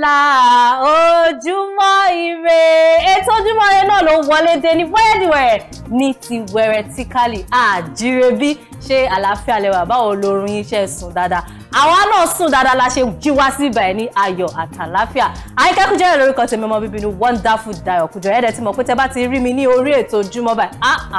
la ojúmọ́ ire ètò ojúmọ́ ire náà ló wọlé dé ní wẹ́ẹ̀dìwẹ̀ ní ti wẹ̀rẹ̀ tí kálí àjírẹ́bí ṣé àlàáfíà lẹwà báwo lorun iṣẹ́ sùn dáadáa àwa náà sùn dáadáa la ṣe jí wá sí ibà ẹ̀ ní ayọ̀ àtàláfíà Àyìnkẹ́ Kújẹ́rẹ́ lórúkọ tèmi ọmọ bíbí ni wonderful dayo. Kújẹ́rẹ́ ẹ̀dẹ̀ tí mo pé tẹ́ bá ti rí mi ní orí ètò ojúmọ́ báyìí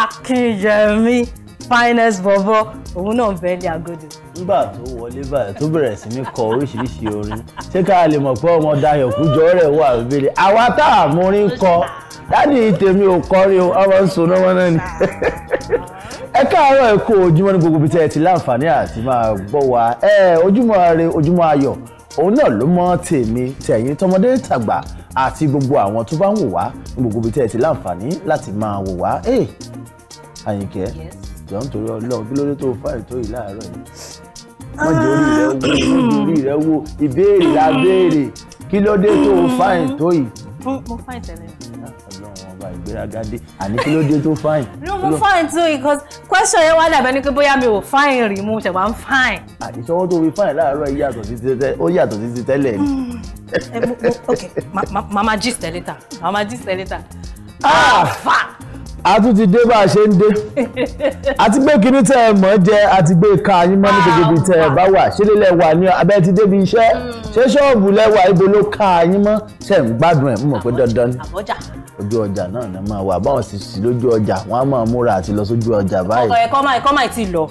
àkìyẹ̀mí ah, ah, finest bọ̀bọ̀ òun náà bẹ́ẹ̀ ní agodo. nígbà tó wọlé báyìí tó bẹ̀rẹ̀ sí ní kọ oríṣiríṣi orin ṣé ká lè mọ̀ pé ọmọ Dayọ̀ Kújọ rẹ̀ wà lóbìnrin àwa tá a mú orin kọ dáàdì tèmi ò kọrin o ọmọ ń sọnà wọn náà ni. ẹ káàárọ̀ ẹ kó ojúmọ́ ní gbogbo ibi tẹ́ ẹ ti láǹfààní àti máa gbọ́ wa ẹ ojúmọ́ ire ojúmọ́ ayọ̀ òun náà ló mọ tèmi tẹ̀yìn tọmọdé tàgbà àti gbogbo àwọn tó bá ń wò wá ní gbogbo ibi tẹ́ ẹ ti láǹfààní láti máa wò wá. Àyìnkẹ́. Yes jọ nítorí Ọlọ́run kí ló dé tó fà ètò yìí láàárọ̀ yìí wọ́n jẹ́ orí rẹ̀ wò orí rẹ̀ wò ìbéèrè la béèrè kí ló dé tó fà ètò yìí. mo fà ìtẹ̀lẹ̀. Ọlọ́run ọba ìgbéraga dé àní kí ló dé tó fàìn. no mo fàìn too because question yẹn wá dàbẹ́ ni pé bóyá mi ò fàìn rí mo ṣẹ̀ wá ń àdìsọ́wọ́ tó fi fàìn láàárọ̀ yìí yàtọ̀ sí ti tẹ́lẹ̀ ni. Eh, ok mama gist ẹ later mama gist ẹ later. Ah! Ah, a tún ti dé bá a ṣe ń dé àti pé kíní tẹ ẹ mọ̀ jẹ àti gbé ka yín mọ́ ní gbogbo ibi tẹ ẹ ah, bá wà ṣé lélẹ̀ wà ní abẹ́ ti débi iṣẹ́ hmm. ṣé ṣọ́ọ̀bù lẹ́wà ibo ló ka yín mọ́ ṣe ń gbádùn ẹ̀ mọ̀ pé dandan ni ojú ọjà náà ni máa wà báwọn sì sí lójú ọjà wọn á máa múra àti lọ sójú ọjà báyìí. ọkọ ẹ kọ́ máa kọ́ ti lọ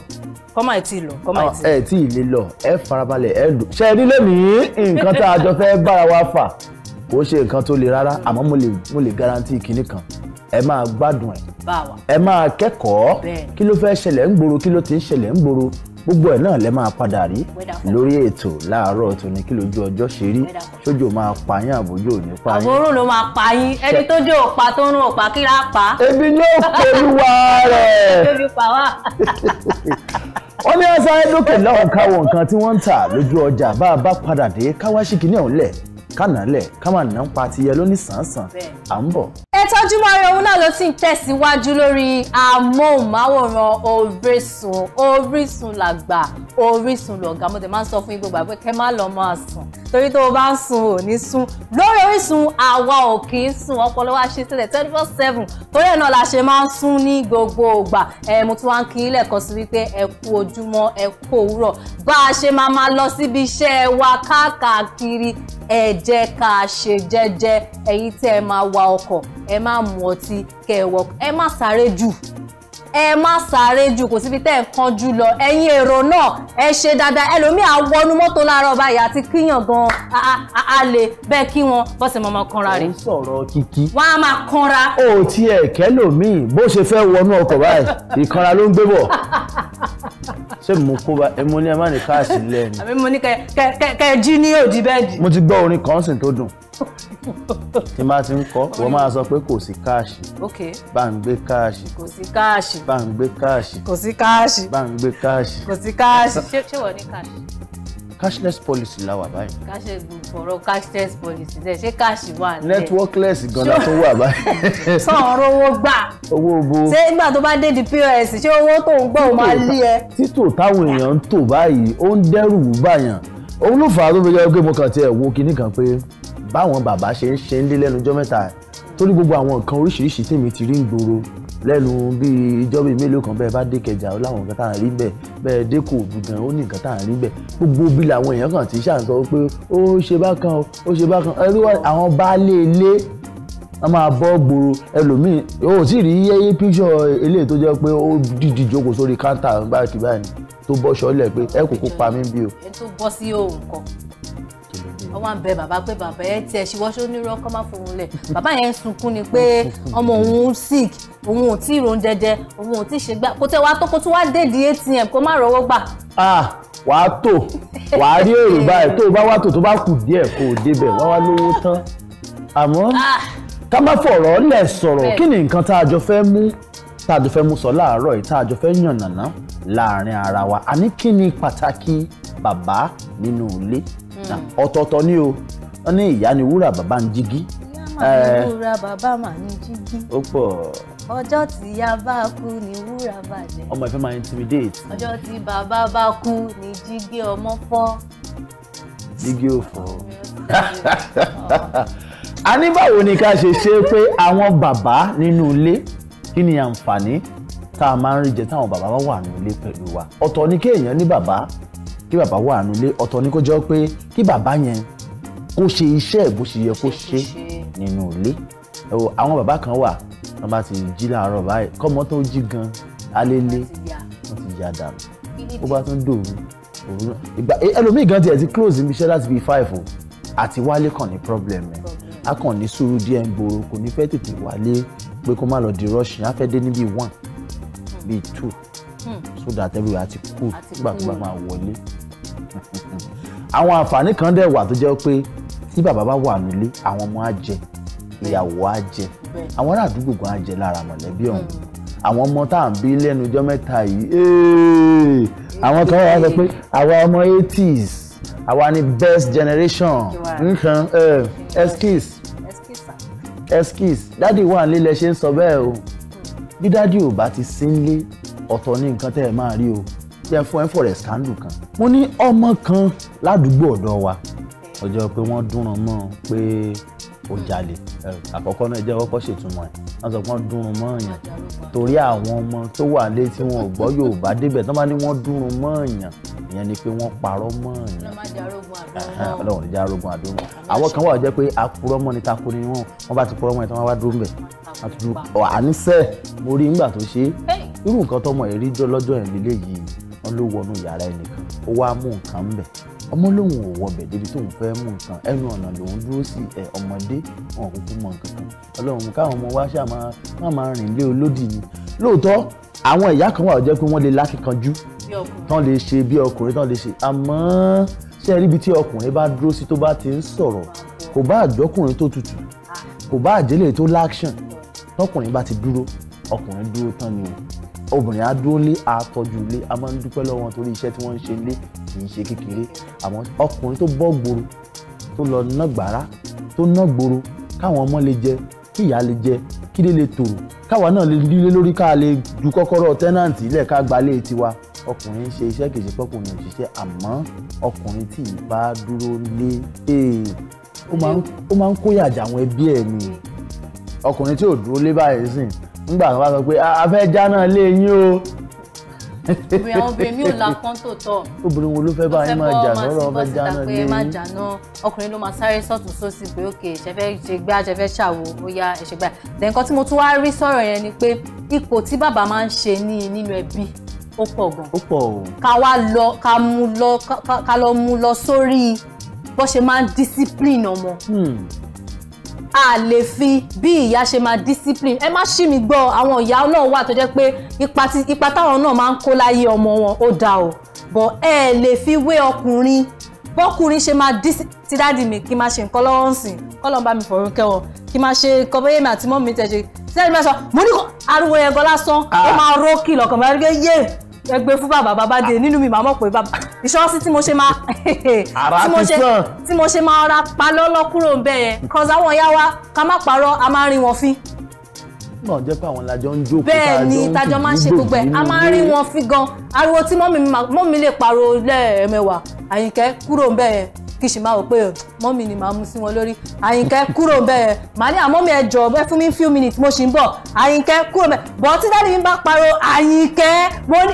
kọ́ máa ti lọ kọ́ máa ti lọ. ẹ tí ì lè lọ ẹ farabalẹ̀ ẹ lò ṣe é rí lónìí nǹkan tá a jọ fẹ́ bára wa fà kò ṣe nǹkan tó le rárá àmọ́ mo lè mo guarantee kinní kan ẹ máa gbádùn ẹ̀ ẹ máa kẹ́kọ̀ọ́ kí ló fẹ́ ṣẹlẹ̀ ń gbòòrò kí ló ti ń ṣẹlẹ̀ ń gbòòrò gbogbo ẹ̀ náà lẹ máa padà rí lórí ètò láàárọ̀ tòní kí lójú ọjọ́ ṣe rí sójò máa pa yín àbójò ò ní pa yín. àbúrò ló máa pa yín ẹni tó dé òpa tó ń rún òpa kí láá pa. ebi ló pẹ̀lú wa rẹ̀. ebi wọ́n ní ẹ̀sán ẹ̀dókè náà káwọn nǹkan tí wọ́n ń tà lójú ọjà bá a bá padà dé káwáṣí kìíní ọ̀hún kánà lẹ̀ ká máa nà pa tiyẹ lónìí sàn-án sàn à ń bọ̀ ètò Ojúmọ́ Ire òun náà ló ti ń tẹ̀síwájú lórí amóhùnmáwòrán Orísun Orísun làgbà Orísun lọ̀gá mo tẹ̀ máa ń sọ fún yín gbogbo àgbẹ̀ kẹ́ má lọ máa sùn torí tó o bá ń sùn ò ní sùn lórí Orísun àwa ò kì í sùn ọpọlọ wa ṣe sílẹ̀ twenty four seven torí ẹ̀ náà la ṣe máa ń sùn ní gbogbo ògbà ẹ̀ mo tún wá ń kí ilé ẹ̀kọ́ sí wípé ẹ kú ojúmọ́ ẹ kú òwúrọ̀ bá a ṣe máa máa lọ síbi iṣẹ́ wa káàkiri ẹ jẹ́ ká ṣe jẹ́jẹ́ èyí tẹ́ ẹ máa wa ọkọ̀ ẹ má mu ọtí kẹ́ ẹ wọ ẹ má sáré jù ẹ má sáré jù kò síbi tẹ́ ẹ kánjú lọ ẹ̀yin èrò náà ẹ ṣe dáadáa ẹlòmíì àwọnú mọ́tò láàárọ̀ báyìí àti kíyàn gan a lè bẹ́ẹ̀ kí wọn bọ́sẹ̀ máa kanra rẹ̀. ó ń sọ̀rọ̀ kìkì. wọ́n á máa kanra. ó tiẹ̀ kẹ́lòmíì bó ṣe fẹ́ wọnú ọkọ̀ báyìí ìkanra ló ń gbé bọ̀ ṣé mo kó ba ẹ mo ní ẹ má ní káàsì lẹ́nu. àbí mo ní kẹ kẹ kẹ jí ní òdì bẹ́ẹ̀dì. mo ti gbọ́ orin kan tó dùn tí n bá ti ń kọ́ wọ́n máa sọ pé kò sí káàṣì bá ń gbé káàṣì kò sí káàṣì bá ń gbé káàṣì kò sí káàṣì bá ń gbé káàṣì kò sí káàṣì ṣé wọ́n ní káàṣì. cashless policy la wà báyìí. káṣe fọ̀rọ̀ cashless policy dẹ̀ ṣé káàṣì wà nílẹ̀. networkless gan-an tó wà báyìí. sọ̀rọ̀ owó gbà. owó bo. ṣé nígbà tó bá dé di pos ṣé owó tó ń gbọ́ ò máa lé ẹ. títò táwọn èèyàn ń tò báyìí ó ń dẹ́rù báyàn òun tó fi jẹ́ pé mo kàn tiẹ̀ wo kinní kan pé báwọn bàbá ṣe ń ṣe ń lé lẹ́nu ọjọ́ mẹ́ta torí gbogbo àwọn nǹkan oríṣiríṣi tèmi ti rí ń gbòòrò lẹ́nu bíi ìjọ́ bíi mélòó kan bẹ́ẹ̀ bá dé Ìkẹjà ó láwọn nǹkan tá à ń rí bẹ́ẹ̀ bẹ́ẹ̀ dé kò gbùngàn ó ní nǹkan tá à ń rí bẹ́ẹ̀ gbogbo bí làwọn èèyàn kan ti ṣàǹsọ pé ó ṣe bákan ó ṣe bákan àwọn baálé ilé wọ́n máa bọ́ gbòòrò ẹlòmíì o sì rí yẹ́yẹ́ píṣọ̀ eléyìí tó jẹ́ pé ó dìdì jókòó sórí káńtà báyìí báyìí tó bọ́ ṣọlẹ̀ pé ẹ kò kópa mí bí o. ètò bọ́ sí òun kan ó wá ń bẹ bàbá pé bàbá ẹ tiẹ̀ ṣíwọ́ṣọ́ onírọ́ kọ́ má fòun lẹ̀ bàbá yẹn sunkún ni pé ọmọ òun sick òun ò tí ì ron jẹjẹ òun ò tí ì ṣe gbà kó tẹ wá tó kó tún wá dé di atm kó má rówó gbà. Ah, wàá tò wàá rí èrò báyìí tó o bá wà tò tó bá kù díẹ̀ kó o débẹ̀ wá wá lówó tán àmọ́ ah. ká má fọ̀rọ̀ lẹ̀ sọ̀rọ̀ kí ni nǹkan tá a jọ fẹ́ mú tá a jọ fẹ́ mú sọ láàárọ̀ yìí tá a jọ fẹ́ yànnàná láàárín ara wa àní kí ni pàtàkì bàbá nínú ilé Mm. ọ̀tọ̀ọ̀tọ̀ ni o wọ́n ní ìyá ni wúrà bàbá ń jígí. ìyá màá ní wúrà bàbá màá ní jígí. ó pọ̀ ọjọ́ tí ya bá kú ni wúrà bàjẹ́. ọmọ ìfẹ́ máa intimidate. ọjọ́ tí bàbá bá kú ni jígé ọmọ fọ́. jígé ò fọ́. a ní báwo ni ká ṣe ṣe pé àwọn bàbá nínú ilé kí ni àǹfààní tá a máa ń rí jẹ táwọn bàbá bá wà nínú ilé pẹ̀lú wa ọ̀tọ̀ ni kéèyàn ní bàbá kí bàbá wà nílé ọ̀tọ̀ ni kó jẹ́ pé kí bàbá yẹn kó ṣe iṣẹ́ bó ṣe yẹ kó ṣe nínú ilé àwọn bàbá kan wà wọ́n bá ti jí láàárọ̀ báyìí kọ́mọ tó jí gan alélé wọ́n ti yá dànù ó bá tún dòru ìgbà e, ẹlòmíì gan tiẹ̀ ti close ibi iṣẹ́ láti fi five o àti wálé kàn ní problem ẹ̀ á kàn ní sùúrù díẹ̀ ń gbòòrò kò ní fẹ́ tètè wálé pé kó má lọ di rushing á fẹ́ dé níbi one bíi two hmm. so that everywhere á ti cool nígbà tó bá máa wọlé àwọn àǹfààní kan dẹ̀ wà tó jẹ́ pé tí bàbá bá wà nílé àwọn ọmọ á jẹ ìyàwó á jẹ àwọn ará àdúgbò gan á jẹ lára mọ̀lẹ́bí ọ̀hún hmm. àwọn ọmọ tá à ń bí lẹ́nu ọjọ́ mẹ́ta yìí àwọn kan wà sọ pé àwa ọmọ 80s àwa ni best generation nǹkan excuse excuse dáàdi wà nílé lẹ ṣe ń sọ bẹ́ẹ̀ o hmm. bí dáàdi ò bá ti sí nílé ọ̀tọ̀ ní nǹkan tẹ́ ẹ máa rí o jẹ́ fún ẹ fọ̀rẹ̀ scandal kan mo ní ọmọ kan ládùúgbò ọ̀dọ̀ wa ọjọ́ pé wọ́n dúnrún mọ́ pé ó jalè àkọ́kọ́ náà jẹ́ ọkọ́ ṣètumọ̀ ẹ̀ wọ́n sọ pé wọ́n dúnrún mọ́ èèyàn torí àwọn ọmọ tó wà lé tí wọn ò gbọ́ Yorùbá débẹ̀ tó bá ní wọ́n dúnrún mọ́ èèyàn ìyẹn ni pé wọ́n parọ́ mọ́ èèyàn ọlọ́run ìjà arógun àdúrà àwọn kan wà jẹ́ pé apurọ́ mọ́ ni tako ni wọ́n wọ́n bá ti purọ́ mọ́ ẹ̀ tí wọ́n wá dúró mbẹ̀ àníṣe mo rí nígbà tó ṣe irú nǹkan tọmọ ẹ̀ rí lọ́jọ́ ẹ̀ lélẹ́yìí wọn ló wọnú yàrá ẹnìkan ó wá mú nǹkan ń bẹ̀ ọmọ lòun ò wọbẹ̀ débi tóun fẹ́ mú nǹkan ẹnu ọ̀nà lòun dúró sí ẹ ọmọdé wọn kúkú mọ nǹkan kan ọlọ́run káwọn ọmọ wa ṣáà máa máa rìn lé olódì ni lóòótọ́ àwọn ìyá kan wà ó jẹ́ pé wọ́n lè lákìkanjú tán lè ṣe bí ọkùnrin tán lè ṣe àmọ́ ṣé ẹ ríbi tí ọkùnrin bá dúró sí tó bá ti ń sọ̀rọ̀ kò bá àjọkùnrin tó tutù kò bá àjẹlẹ̀ tó láction tọkùnrin bá ti dúró ọkùnrin dúró tán ni o obìnrin á dúró lé àtọ́jú ilé a máa ń dúpẹ́ lọ́wọ́ wọn torí iṣẹ́ tí wọ́n ń ṣe lé kì í ṣe kékeré àmọ́ ọkùnrin tó bọ́ gbòòrò tó lọ ná gbàrá tó ná gbòòrò káwọn ọmọ lè jẹ kí ìyá lè jẹ kí lè lè tòrò káwa náà lè lílé lórí ká lè ju kọ́kọ́rọ́ tẹ́nàǹtì ilẹ̀ ká gbalé tiwa ọkùnrin ń ṣe iṣẹ́ kìí ṣe pọ́kùnrin àmọ́ ọkùnrin tí ì bá dúró lé eh, ó máa ń kóyà jà àwọn ẹbí ẹ̀ ni ọkùnrin tí ò dúró lé báyìí sìn nígbà kan bá sọ pé a fẹ́ jáná lé yín o. obìnrin àwọn obìnrin mi ò la kán tó tọ̀. obìnrin wo ló fẹ́ bá yín máa jà lọ́rọ̀ ọ fẹ́ jáná lé yín. ọkùnrin ló máa sáré sọ́tún sósì pé òkè ṣẹfẹ́ ṣe gbá ṣẹfẹ́ ṣàwò ó yá ẹ̀ṣẹ̀ gbá. then nǹkan tí mo tún wá rí sọ̀rọ̀ yẹn ni pé ipò tí bàbá máa ń ṣe ní nínú ẹbí ó pọ̀ gan. ó pọ̀ o. ká wá lọ ká mú lọ ká lọ mú lọ sórí bó ṣe máa ń discipline ọmọ. Hmm a lè fi bí ìyá ṣe máa discipline ẹ má ṣì mí gbọ́ àwọn ìyá náà wà tó jẹ́ pé ipa táwọn náà máa ń kó láyé ọmọ wọn ó da o bọ̀ ẹ lè fi wé ọkùnrin bọ́kùnrin ṣe máa dí ti dáàdì mi kí n máa ṣe nǹkan lọ́wọ́ ń sìn kọ́lọ́ ń bá mi fọ̀rọ̀ kẹwọ̀n kí n máa ṣe nǹkan bóyá èmi àti mọ́mí tẹ̀ ṣe sẹ́yìn mẹ́sàn mo ní ariwo yẹn gan lásán ó ah. máa rókì lọ́kàn mi àti pé yé ẹgbẹ́ fún bàbá bàbá dé nínú mi màá mọ̀ pé bàbá ìṣọ́sí tí mo ṣe máa tí mo ṣe máa ra palọ́lọ́ kúrò ń bẹ̀ yẹn cause àwọn ìyá wa ká má parọ́ a máa rí wọn fín. náà jẹ́ pé àwọn lajọ ń jókòó bẹ́ẹ̀ ni tajọ máa ń ṣe gbogbo ẹ̀ a máa rí wọn fín gan ariwo tí mọ́mí lè pariwo lẹ́ẹ̀mẹ́wàá àyìnkẹ́ kúrò ń bẹ̀ yẹn kí sì máa wò pé mọ́mì ni màá mú sí wọn lórí àyìnkẹ́ kúrò bẹ́ẹ̀ màá ní àmọ́mì ẹ jọ̀ọ́ bẹ́ẹ̀ fún mi few minutes mo sì ń bọ̀ àyìnkẹ́ kúrò bẹ́ẹ̀ bọ́ tí dáàdi mi bá pariwo àyìnkẹ́ mo ní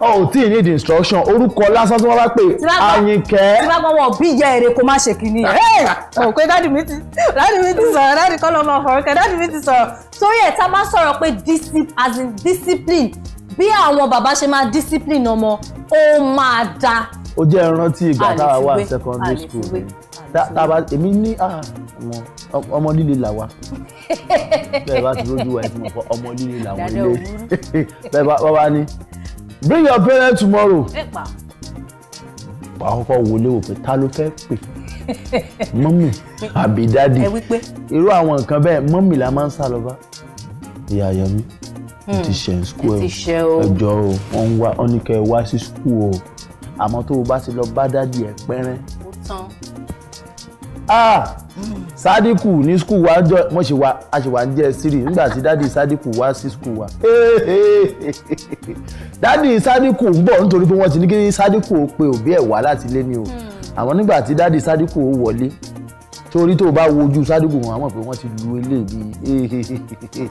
ọ ò tí ì need instruction orúkọ lásán tí wọ́n bá pè Àyìnkẹ́. tí bá gbọ́ wọ bí ìyá èrè kó má ṣe kínní ẹ̀ mọ̀ pé dáàdì mi ti dáàdì mi ti sọ̀rọ̀ dáàdì kọ́ ló máa fọ̀rọ̀ kẹ́ dáàdì mi ti sọ̀rọ̀ torí ẹ̀ tá a máa sọ̀rọ̀ pé as in discipline bí àwọn bàbá ṣe máa discipline ọmọ ó máa da. ó jẹ́ ìrántí ìgbà táwa wà secondary school ni tàbá èmi ní ah, ọmọ líle làwa bẹ́ẹ̀ bá ti rójú wa ẹ̀ fún ọmọ líle làwọn ilé bẹ́ẹ̀ bá wá ní bring your parents tomorrow. wà á kọ́kọ́ wọlé wò pé ta ló fẹ́ pè mọ́mì àbí dádì irú àwọn nǹkan bẹ́ẹ̀ mọ́mì la máa ń sá lọ bá ìyá Yẹmí ó ti hmm. ṣe skul ẹ ẹjọ́ o wọ́n wá wọ́n ní kẹ́ ẹ wá sí skul o àmọ́ tó o bá ti lọ bá dádì ẹ pẹ́rẹ́. ó tán. ah sadiku ní skul wa jọ mo ṣe wa a ṣe wa ń jẹ siri nígbà tí dadi sadiku wá sí skul wa dadi sadiku ń bọ̀ nítorí pé wọ́n ti ní kí sadiku ó pe òbí ẹ̀ wá láti ilé ni o hmm. àmọ́ nígbà tí dadi sadiku ó wọlé torí tó o bá wojú sadiku wọn àmọ́ pé wọ́n ti lu eléyìí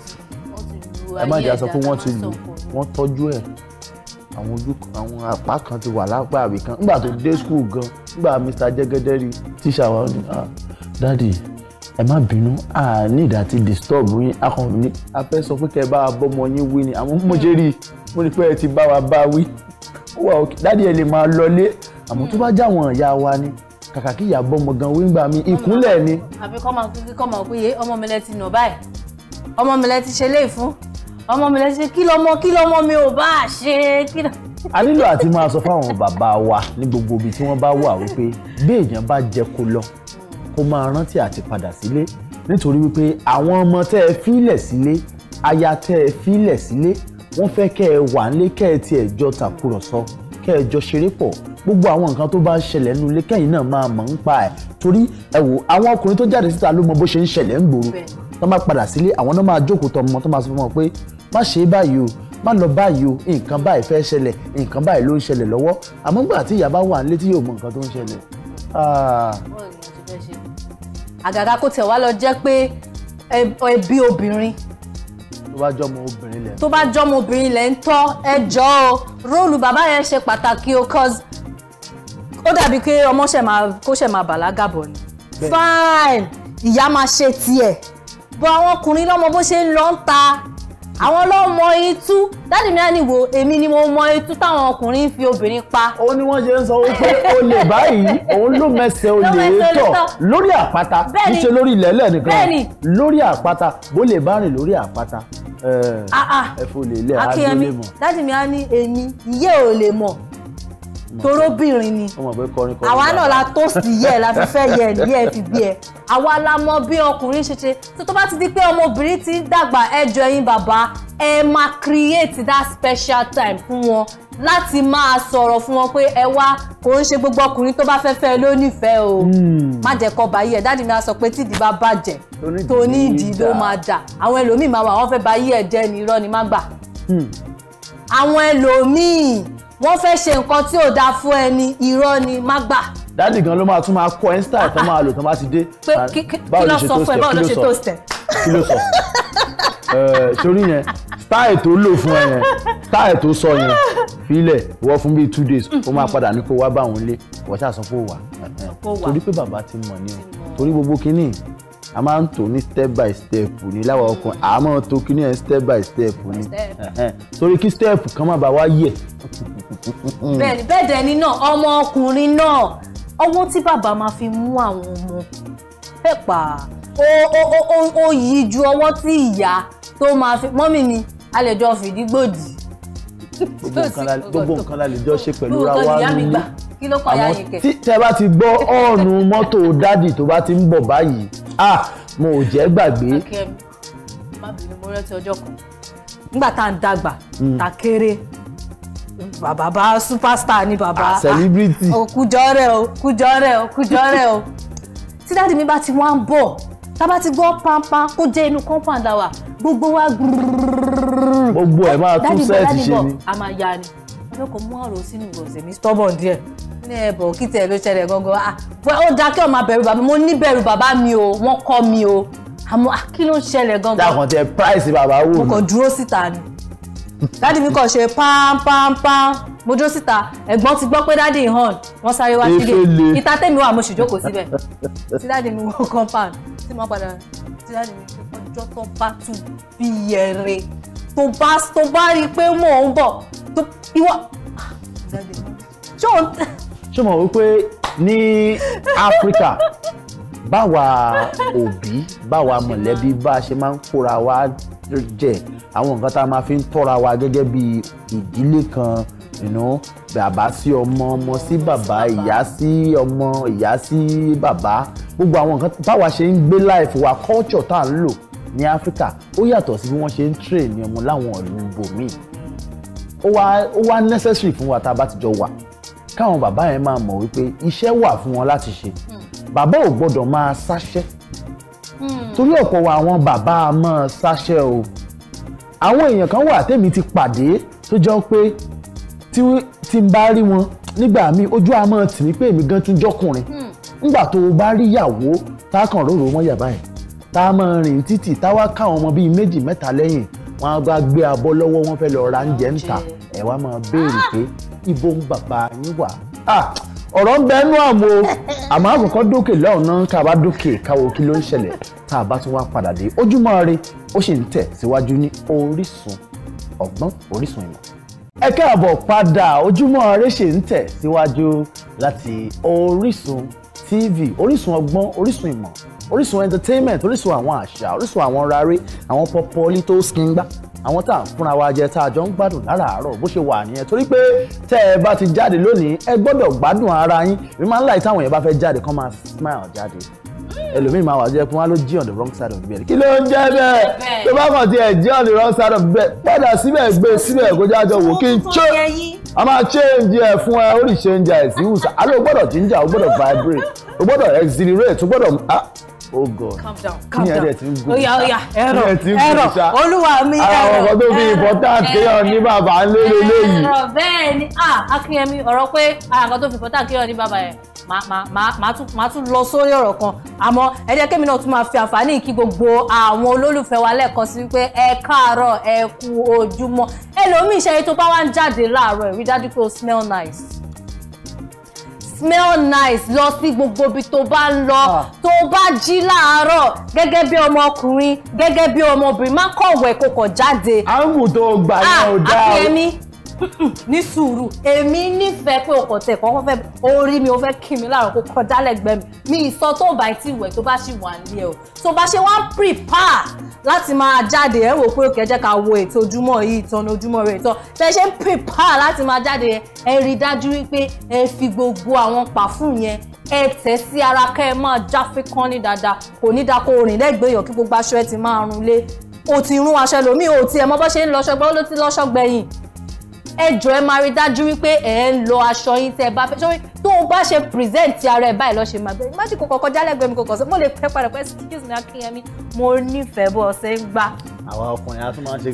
ẹ má jà sọ pé wọ́n ti lu wọ́n tọ́jú ẹ̀ àwọn ojú àwọn apá kan ti wà lápá àbí kan nígbà tó dé skul gan nígbà mr jẹgẹdẹ rí tíṣà wa ni dáàdì ẹ má bínú a ní ìdá ti disturb yín a kàn ní a fẹ́ sọ pé kẹ́ ẹ bá wa bọ́mọ yín wí ni àmọ́ mo ṣe rí i mo rí i pé ẹ ti bá wa bá wí wà ó dáàdì ẹ lè máa lọlé àmọ́ tó bá jáwọn ìyá wa ni kàkà kí ìyá bọ́mọ gan wí gbà mí ìkúnlẹ̀ ni. àbí kọ́ máa kí kọ́ máa péye ọmọ mi lẹ ti nà báyìí ọmọ mi lẹ ti ṣe léè fún ọmọ mi lẹ ti ṣe kí lọmọ kí lọmọ mi ò bá ṣe kí lọ. a nílò àti máa sọ fáwọn bàbá wa ní gbogbo ibi tí wọ́n bá wà wípé bí èèyàn bá jẹ kó lọ kó máa rántí àti padà sílé nítorí wípé àwọn ọmọ tẹ́ ẹ fílẹ̀ sílé aya tẹ́ ẹ fílẹ̀ sílé wọ́n fẹ́ kẹ́ ẹ wà nílé kẹ́ ẹ tiẹ̀ jọ tàkùrọ̀sọ kẹ́ ẹ jọ ṣeré pọ̀ gbogbo àwọn nǹkan tó bá ń ṣẹlẹ̀ nínú ilé kẹ́yìn náà máa mọ̀ ń pa ẹ̀ torí ẹ wò àwọn ọkùnrin tó jáde síta ló mọ bó ṣe ń ṣẹlẹ̀ ń gbòòrò tó máa padà sílé àwọn náà máa jókòó tọmọ tó máa sọ fún wọn pé má ṣe é báyìí o má lọ báyìí o nǹkan báyìí fẹ́ ṣẹlẹ̀ nǹkan báyìí ló ń ṣẹlẹ̀ lọ́wọ́ àmọ́ gbà tí ìyá bá wà nílé tí yóò mọ nǹkan tó ń ṣẹlẹ̀ ah, fẹ́ ṣe. àgàgà kò tẹ̀ wá lọ jẹ́ pé ẹbí obìnrin. tó bá jọmọ obìnrin lẹ. tó bá jọmọ obìnrin lẹ ń tọ́ ẹ o róòlù bàbá yẹn ṣe pàtàkì o cause ó dàbí pé ọmọ ṣẹ̀ máa kó ṣẹ̀ máa bàlágà bọ̀ ni. fine ìyá máa ṣe tiẹ̀ bọ àwọn ọkùnrin lọ́mọ bó ṣe ń lọ ń ta àwọn ló mọ itú dáàdì mi á ní wo èmi ni mo mọ itú táwọn ọkùnrin fi obìnrin pa. ó ní wọ́n ṣe ń sọ wípé olè báyìí òun ló mẹsẹ̀ olè tọ̀ lórí àpáta kì í ṣe lórí ilẹ̀ lẹ́nìkan lórí àpáta bó lè bá rìn lórí àpáta ẹ ah, ah. fò lè lẹ́ àgbélé mọ̀. akínyẹmí dáàdì mi á ní èmi ìyé ò lè mọ̀ toróbìnrin ni àwa náà la tóòsì yẹ la fi fẹ́ yẹ ní ẹ fi bí ẹ àwa la mọ bí ọkùnrin ṣe ṣe tó tó bá ti di pé ọmọbìnrin ti ń dàgbà ẹjọ ẹ̀yin bàbá ẹ máa create that special time fún wọn láti máa sọ̀rọ̀ fún wọn pé ẹ wá kò ń ṣe gbogbo ọkùnrin tó bá fẹ́ fẹ́ ló nífẹ̀ẹ́ o hmm. má jẹ́ kó bá yí ẹ̀ dáàdì mi á sọ pé tídìí bá bàjẹ́ tó ní ìdí ló máa dà àwọn ẹlòmíì máa wà wọ́n fẹ́ bá ẹ̀ jẹ́ ni irọ́ ni má gbà hmm. àwọn ẹlòmíì wọ́n fẹ́ ṣe nǹkan tí ò dáa fún ẹni irọ́ ni má gbà. dádì gan ló máa tún máa kọ insta tó máa lò tó máa ti dé. pé ah, kí ló sọ fún ẹ báwo ló ṣe tó sẹ. kí ló sọ torí yẹn style tó lò fún ẹ yẹn style tó sọ yẹn filẹ̀ wọ́ fún bíi two days ó máa padà ní kó wá bá òun lé wọ́n ṣàṣọ kó wà torí pé bàbá ti mọ̀ ni o torí gbogbo kínní a máa ń tò ní step by step ní láwọn ọkùnrin a máa tó kí ní ẹ̀ step by step ní torí kí step kan má bàa wá yẹ. bẹ́ẹ̀ni bẹ́ẹ̀ dẹni náà ọmọ ọkùnrin náà ọwọ́ tí bàbá máa fi mú àwọn ọmọ ẹ̀ pa ó yí ju ọwọ́ tí ìyá tó máa fi mọ́mì mi a lè jọ fìdí gbòdì. gbogbo nǹkan la lè jọ ṣe pẹ̀lú ra wa nílé kí ló kọ́ ya yìí kẹ. tẹ́ bá ti gbọ́ ọ̀nù mọ́tò dádì tó bá ti ń bọ̀ báyìí ah mo ò jẹ́ gbàgbé. akẹ́ má bínú mo rántí nígbà tá à ń dàgbà hmm. tá kéré bàbá bá superstar ni bàbá celebrity òkújọ́ rẹ̀ o kújọ́ rẹ̀ o kújọ́ rẹ̀ o tí dáàdi mi bá ti wá ń bọ̀ tá bá ti gbọ́ pampan kó jẹ́ inú compound àwa gbogbo wa gbogbo ẹ̀ máa tún sẹ́ẹ̀tì ṣe ni. dáàdi bọ̀ dáàdi bọ̀ a máa ya ni ọjọ́ kan mú ọ̀rọ̀ sínú ìgbọ̀nsẹ̀ mi stubborn díẹ̀ ní ẹbọ kí tiẹ̀ ló ṣẹlẹ̀ gangan ah ó dáa kí ọmọ abẹ̀rù bàbá mo ní bẹ̀rù bàbá mi o wọ́n kọ́ mi o àmọ́ ah, kí ló ń ṣẹlẹ̀ gangan. dàkàn tẹ price bàbá wò mí. mo kàn dúró síta ni dádì mi kàn ṣe pánpánpán mo dúró síta ẹ̀gbọ́n ti gbọ́ pé dádì hàn wọ́n sáré wá sílé ìta tèmi wà mo sì jókòó síbẹ̀ tí dádì mi wọ compound tí mo padà tí dádì mi ọjọ́ tó bá tún bí ẹ̀rẹ̀ tó bá tó bá rí i pé mò ń bọ̀ tó ìwọ ah, ṣé mo wípé ní áfíríkà báwa òbí báwa mọ̀lẹ́bí bá a ṣe máa ń kóra wa jẹ àwọn nǹkan tá a máa fi ń tọ́ra wa gẹ́gẹ́ bí ìdílé kan inú bàbá sí ọmọ ọmọ sí bàbá ìyá sí ọmọ ìyá sí bàbá gbogbo àwọn nǹkan báwa ṣe ń gbé láìfò wa culture tá à ń lò ní Áfíríkà ó yàtọ̀ sí bí wọ́n ṣe ń train ọmọ láwọn ìlú bòmíì ó wá necessary fún wa tá a bá ti jọ wà káwọn bàbá yẹn máa mọ̀ wípé iṣẹ́ wà fún wọn láti ṣe hmm. bàbá ò gbọ́dọ̀ máa sáṣẹ́ hmm. torí ọ̀pọ̀ wa àwọn bàbá a máa sáṣẹ́ o àwọn èèyàn kan wà tèmi ti pàdé tó jọ pé tí n bá rí wọn nígbà míì ojú a máa tì mí pé èmi gan tún jọkùnrin hmm. nígbà tó o bá rí ìyàwó tá a kàn róró wọn yàbá yẹn tá a máa rìn títì táwa káwọn ọmọ bíi méjì mẹ́ta lẹ́yìn wọn á gbé abọ́ lọ́wọ́ wọn fẹ́ lọ ra oúnjẹ ń ta ẹ̀ wá máa béèrè ah! pé ibo ń bàbá yín wà. ọ̀rọ̀ ń bẹ ẹnu àmọ́ àmọ́ àkọ́kọ́ dókè lọ́hùn náà tá a bá dókè káwo kí ló ń ṣẹlẹ̀ tá a bá tún wá padà dé ojúmọ́ ire ó sì ń tẹ̀ síwájú ní orísun ọgbọ́n orísun ìmọ̀. ẹ káàbọ̀ padà ojúmọ́ ire ṣì ń tẹ̀ síwájú láti orísun tv orísun ọgbọ́n orísun ìmọ̀ orísun entertainment orísun àwọn àṣà orísun àwọn rárẹ̀ àwọn pọpọ lító skíngbá àwọn tá à ń fúnra wa jẹ tá a jọ ń gbádùn láràárọ̀ bó ṣe wà nìyẹn torí pé tẹ́ ẹ bá ti jáde lónìí ẹ gbọ́dọ̀ gbádùn ara yín èmi máa ń láì táwọn yẹn bá fẹ́ jáde kán máa smile jáde ẹlòmíì máa wà jẹ́ pé wọ́n á ló jí on the wrong side of the bed kí ló ń jẹ́ bẹ́ẹ̀ tó bá kàn tiẹ̀ jí on the wrong side of the bed padà síbẹ̀ gbé e síbẹ̀ kó jájọ wò kí n ṣe a máa change ẹ fún ẹ ó lè change ẹ sí wùsà àlọ́ gbọ́dọ̀ ginger ó gbọ́dọ̀ vibrate ó gbọ́dọ̀ exhilarate ó gbọ́dọ̀ ah, oh god calm down calm down oya oya ẹrọ ẹrọ olúwa mi ẹrọ àwọn ọkọ tó fi important kéèyàn ní bàbá lélẹ léyìí. ẹrọ bẹ́ẹ̀ ni akínyẹmí ọ̀rọ̀ pé àwọn tó fi important kéèyàn ní bàbá yẹn màá tún lọ sórí ọ̀rọ̀ kan àmọ́ ẹ jẹ́ kémi náà tún máa fi àǹfààní kí gbogbo àwọn olólùfẹ́ wa lẹ́ẹ̀kan sí pé ẹ káàárọ̀ ẹ kú ojúmọ́ ẹlòmíì ṣe é tó bá wá ń jáde láàárọ̀ ẹ rí dájú pé ó smell nice smell nice lọ sí gbogbo ibi tó bá ń lọ ah. tó bá jí láàárọ̀ gẹ́gẹ́ bí ọmọkùnrin gẹ́gẹ́ bí ọmọbìnrin má kọ̀wé kó kọ̀ jáde. àrùn tó gbà yẹn ò ah, dáa o. àfi ẹ̀mí ní sùúrù èmi nífẹ̀ẹ́ pé ọkọ̀ tẹ̀ kọ́kọ́ fẹ́ orí mi ò fẹ́ kí mi láàrọ̀ kó kọjá lẹ́gbẹ̀ẹ́ mi mi ìsọ tó bá ti wẹ̀ tó bá sì wà nílé o tó bá ṣe wá prepare láti máa jáde ẹ wò pé òkè ẹ jẹ́ ká wo ètò ojúmọ́ yìí ìtọ́nà ojúmọ́ rẹ̀ tán tẹ ṣe ń prepare láti máa jáde yẹn ẹ rí dájú wípé ẹ fi gbogbo àwọn pàfún yẹn ẹ tẹ̀ sí ara kẹ́ ẹ máa jáfe kán ní dáadáa kò ní dáa kó rìn lẹ́gbẹ̀ẹ́ yàn kí gbogbo aṣọ ẹ ti máa rún lé o ti rún aṣọ ẹlòmíì o ti ẹ mọ bó ṣe ń lọṣọ gbọ́ ló ti lọṣọ gbẹ̀yìn ẹ jọ ẹ máa rí dájú wípé ẹ ń lọ aṣọ yín tẹ bá fẹ́ sọrí tó o bá ṣe present ara ẹ báyìí lọ ṣe máa bẹ̀rẹ̀ má ṣe kọkọ kọjá lẹ́gbẹ̀ẹ́ mi kọkọ sọ mo lè pẹ padà pẹ excuse me akínyẹmí mo nífẹ̀ẹ́ bó ọ̀sẹ̀ ń gbà. àwa ọkùnrin a tún máa ń ṣe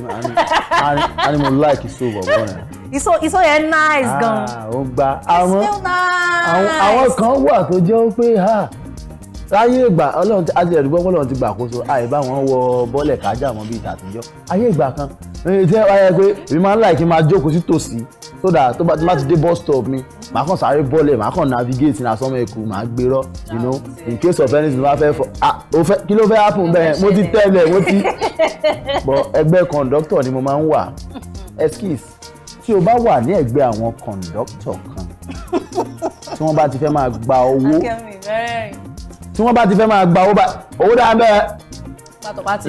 àní àní mo like iṣu bọ̀bọ̀ rẹ̀. iṣo iṣo yẹn nice gan. Ah, ó gba àwọn àwọn kan wà tó jẹ́ pé láyé ìgbà ọlọ́run ti àti ẹ̀dùgbọ́n ọlọ́run ti gbàkóso àìbá wọn wọ bọ́ọ̀lẹ̀ kájà wọn bíi tàtijọ́ ayé ìgbà kan ṣé wáyé pé èmi máa ń láì kí n máa jókòó sí tòsí sódà tó bá ti má ti dé bus stop mi màá kàn sáré bọ́ọ̀lẹ̀ màá kàn navigate ní asọ́mọ ẹ̀kú màá gbérọ́ you know in case of anything bá fẹ́ fọ ah, kí ló fẹ́ happen bẹ́ẹ̀ mo ti tẹ́lẹ̀ mo ti bọ̀ ẹgbẹ́ kọ̀ǹdọ́tọ̀ ni mo máa ń wà excuse tí o bá wà ní ẹgbẹ́ àwọn kọ̀ǹdọ́tọ̀ kan tí wọ́n bá ti fẹ́ máa gba owó tí wọ́n bá ti fẹ́ máa gba owó dáa bẹ́ẹ̀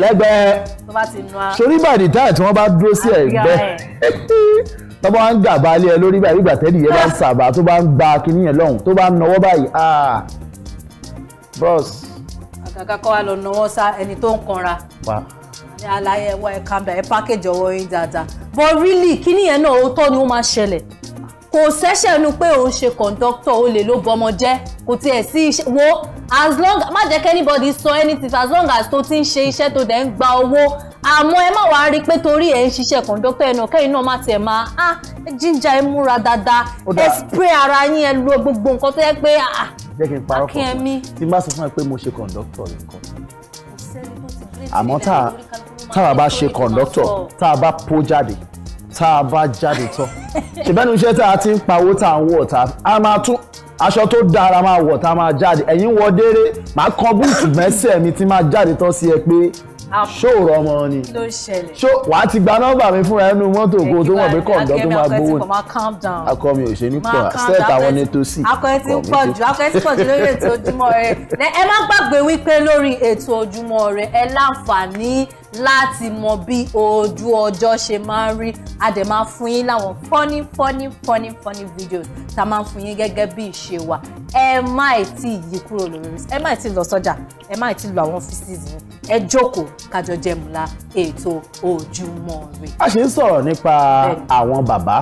lẹ́gbẹ̀ẹ́ sórí ìbàdí táyà tí wọ́n bá dúró sí ẹ̀gbẹ́ tọ́ bá ń gbà balẹ̀ ẹ lórí báyìí ìgbà tẹ́lẹ̀ yẹn bá ń sàbà tó bá ń gba kinní yẹn lọ́hùn tó bá ń nọwọ́ báyìí ah, bros. àgàgà kọ́ wa lọ nọwọ́ sá ẹni tó ń kanra ní àlàyé ẹ̀wọ̀ ẹ̀ka bẹ̀rẹ̀ package ọwọ́ yín dáadáa but really kinní yẹn náà òótọ́ ni ó máa ṣẹlẹ̀ kò sẹ́sẹ̀ nu pé òun ṣe kọ̀ńdọ́tọ̀ ó lè ló bọmọ jẹ́ kò tiẹ̀ sí wo as long má jẹ́ anybody sọ anything as long as tó ti ń ṣe iṣẹ́ tó dẹ̀ ń gba owó àmọ́ ẹ má wàá rí i pé torí ẹ̀ ń ṣiṣẹ́ kọ̀ǹdọ́tọ̀ ẹ̀ náà kẹ́yìn náà má tiẹ̀ máa ah jíjà ẹ múra dáadáa ẹ spray ara yín ẹ lo gbogbo nǹkan tó yẹ pé ah akínẹmí. Ah, tí má sọ fún ẹ pé mo ṣe kọ̀ǹdọ́tọ̀ nǹkan àmọ́ tá a bá ṣe kọ̀ǹdọ́tọ̀ tá a bá pó jáde tá a bá jáde tán ṣèbẹ́nu iṣẹ́ tá a ti ń pawó tá a ń aṣọ tó dára máa wọ̀ tá a máa jáde ẹ̀yin wọ déré màá kan búùtù mẹ́sẹ̀ mi tí máa jáde tán sí ẹ pé ah. ṣòro ọmọ ni wà á ti gba nọ́mbà mi fúnra ẹnu mọ́tò kó tó mọ̀ pé kọ̀ǹdọ́ tó máa gbowó ni akọ mi ò ṣe ní pọ̀ set àwọn ní tòsí. akọ̀ẹ́ ti ń pọ̀ jù akọ̀ẹ́ ti pọ̀ jù lórí ètò ojúmọ́ rẹ ẹ má gbàgbé wípé lórí ètò ojúmọ́ rẹ ẹ láǹfààní láti mọ bí ojú ọjọ́ ṣe máa ń rí a dẹ̀ máa fún yín láwọn funny funny funny funny videos tá a máa fún yín gẹ́gẹ́ bí ìṣe wa ẹ má ì tí yí kúrò lórí Orísun ẹ má ì tí lọ sọ́jà ẹ má ì tí lọ àwọn ọ́fíìsì yín ẹ jókòó kájọ jẹmúlá ètò Ojúmọ́ Ire. a ṣe ń sọ̀rọ̀ nípa àwọn bàbá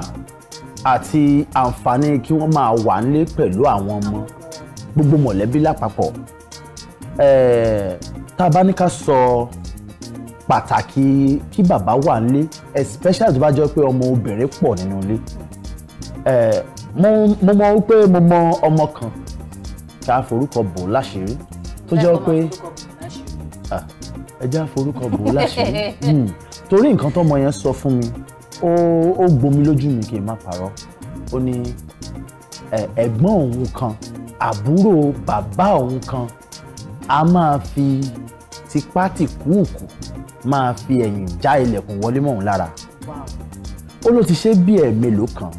àti àǹfààní kí wọ́n máa wà nílé pẹ̀lú àwọn ọmọ gbogbo mọ̀lẹ́bí lápapọ̀ tá a bá ní ká sọ pàtàkì kí bàbá wà nílé especially tó bá jẹ́ pé ọmọ obìnrin pọ̀ nínú ilé mo mọ wípé mo mọ ọmọ kan tá a forúkọ bò láṣìírí tó jẹ́ pé ẹ jẹ́ àforúkọ bò láṣìírí hmm. torí nǹkan tọ́mọ yẹn sọ fún mi ó gbomi lójú mi kì í má parọ́ ó ní ẹ̀gbọ́n òun kan àbúrò bàbá òun kan a máa fi tipátìkúùkù máa fi ẹ̀yìn já ilẹ̀kùn wọlé mọ́ òun lára ó ló ti ṣe bí ẹ̀ mélòó kan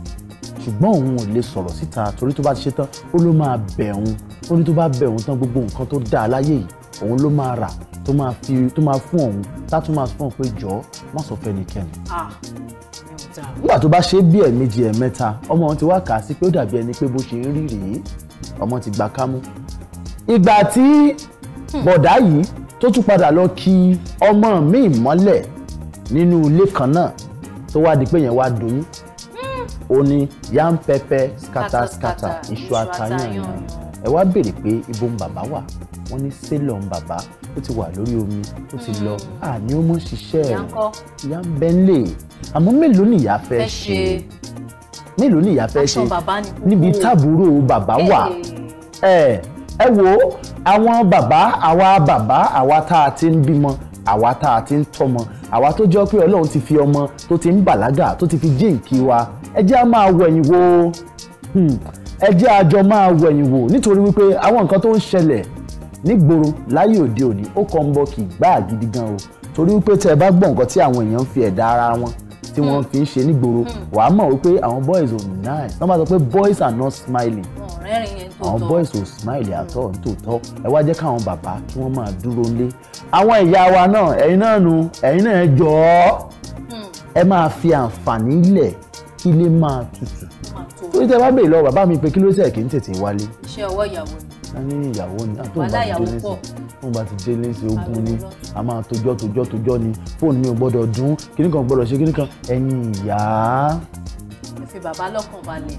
ṣùgbọ́n òun ò lè sọ̀rọ̀ síta torí tó bá ti ṣe tán ó ló máa bẹ̀ òun ó ní tó bá bẹ̀ òun tán gbogbo nǹkan tó dáa láyé yìí òun ló máa rà tó máa fi tó máa fún òun látún máa fún òun pé jọ má sọ fẹ́ nìkẹ́ni. Ah, nígbà tó bá ṣe bí ẹ̀ẹ̀mejì ẹ̀ẹ̀mẹ́ta ọmọ òun ti wá kà á sí pé ó dàbí ẹni pé bó ṣe ń rí rèé ọmọ ti gbà kámú. ìgbà tí hmm. bọ̀dá yìí tó tún padà lọ ki ọmọ mi mọ́lẹ̀ nínú ilé kan náà tó wá di pé yẹn wá doyún hmm. ó ní yam pẹpẹ skata skata iṣu atayan ẹ wá béèrè pé ibo ń bàbá wà wọ́n ní sélọ̀ ń bàbá ó ti wà lórí omi ó ti lọ hmm. àní ó mọ̀ ṣiṣẹ́ rẹ̀ ìyá ń bẹ́ ń lè mélòó ni ìyá fẹ́ ṣe mélòó ni ìyá fẹ́ ṣe níbi táàbúrò bàbá wà ẹ wo àwọn bàbá àwa bàbá àwa tá a ti ń bímọ àwa tá a ti ń tọ́mọ àwa tó jọ pé Ọlọ́run ti fi ọmọ tó ti ń bàlágà tó ti fi jíǹkí wa ẹ jẹ́ a máa wẹ̀yìn wò hmm, ẹ jẹ́ a jọ máa wẹ̀yìn wò nítorí wípé àwọn nǹkan tó ń ṣẹlẹ̀ nígboro láyé òde òní ó kàn ń bọ kì í gbá gidi gan o torí wípé tẹ ẹ bá gbọ́ nǹkan tí àwọn èèyàn ń fi ẹ̀dá ara wọn tí wọ́n fi ń ṣe nígboro hmm. wàá mọ̀ wípé àwọn boys ò nice wọ́n bá sọ pé boys are not smiling àwọn boys ò smile àtọ̀ nítòótọ́ ẹ wá jẹ́ káwọn bàbá kí wọ́n máa dúró lé àwọn ìyá wa náà ẹ̀yin náà nu ẹ̀yin náà jọ ọ́ hmm. ẹ máa fi àǹfààní lẹ̀ kí lè máa tutù torí tẹ bá béèrè lọ bàbá mi pé kí ló tẹ̀ kí n tètè wálé. iṣẹ́ ọwọ́ ìyàwó ni. a ní ìyàwó ni àti òun bá ti délé sí òun bá ti délé sí ogun ni a máa tójọ́ tójọ́ tójọ́ ni fóònù mi ò gbọ́dọ̀ dún kíní gbọ́dọ̀ ṣe kíní ẹ̀yin ìyá. ẹ fi bàbá lọ́kàn balẹ̀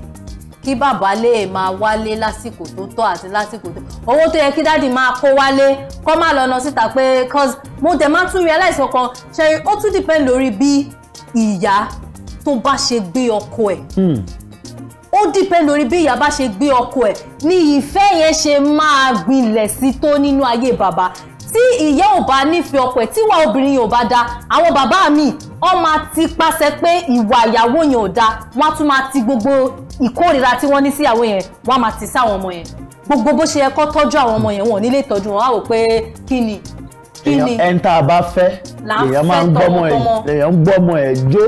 kí bàbá lè máa wálé lásìkò tó tọ́ àti lásìkò tó owó tó yẹ kí dáàdì máa kó wálé kó má lọ síta pé cause mo dẹ̀ máa tún realize ọkàn ṣe ó tún depend lórí bí ìyá tó bá ṣe gbé ọkọ ẹ̀ hmm. ó depend lórí bí ìyá bá ṣe gbé ọkọ ẹ̀ ni ìfẹ́ yẹn ṣe máa gbilẹ̀ sí tó nínú ayé bàbá tí ìyá ò bá nífẹ̀ẹ́ ọkọ ẹ̀ tíwà obìnrin yóò bá da àwọn bàbá mi wọ́n máa ti pàṣẹ pé ìwà ìyàwó yẹn ò da wọ́n á tún máa ti gbogbo ìkórìíra tí wọ́n ní sí ìyàwó yẹn wọ́n á máa ti sáwọn ọmọ yẹn gbogbo bó ṣe yẹ kó tọ́jú àwọn ọmọ yẹn wọn ò nílé ìtọ́jú wọn á wò pé kí ni ẹn tá a bá fẹ́ èèyàn máa ń gbọ́mọ ẹ̀ èèyàn ń gbọ́mọ ẹ̀ jó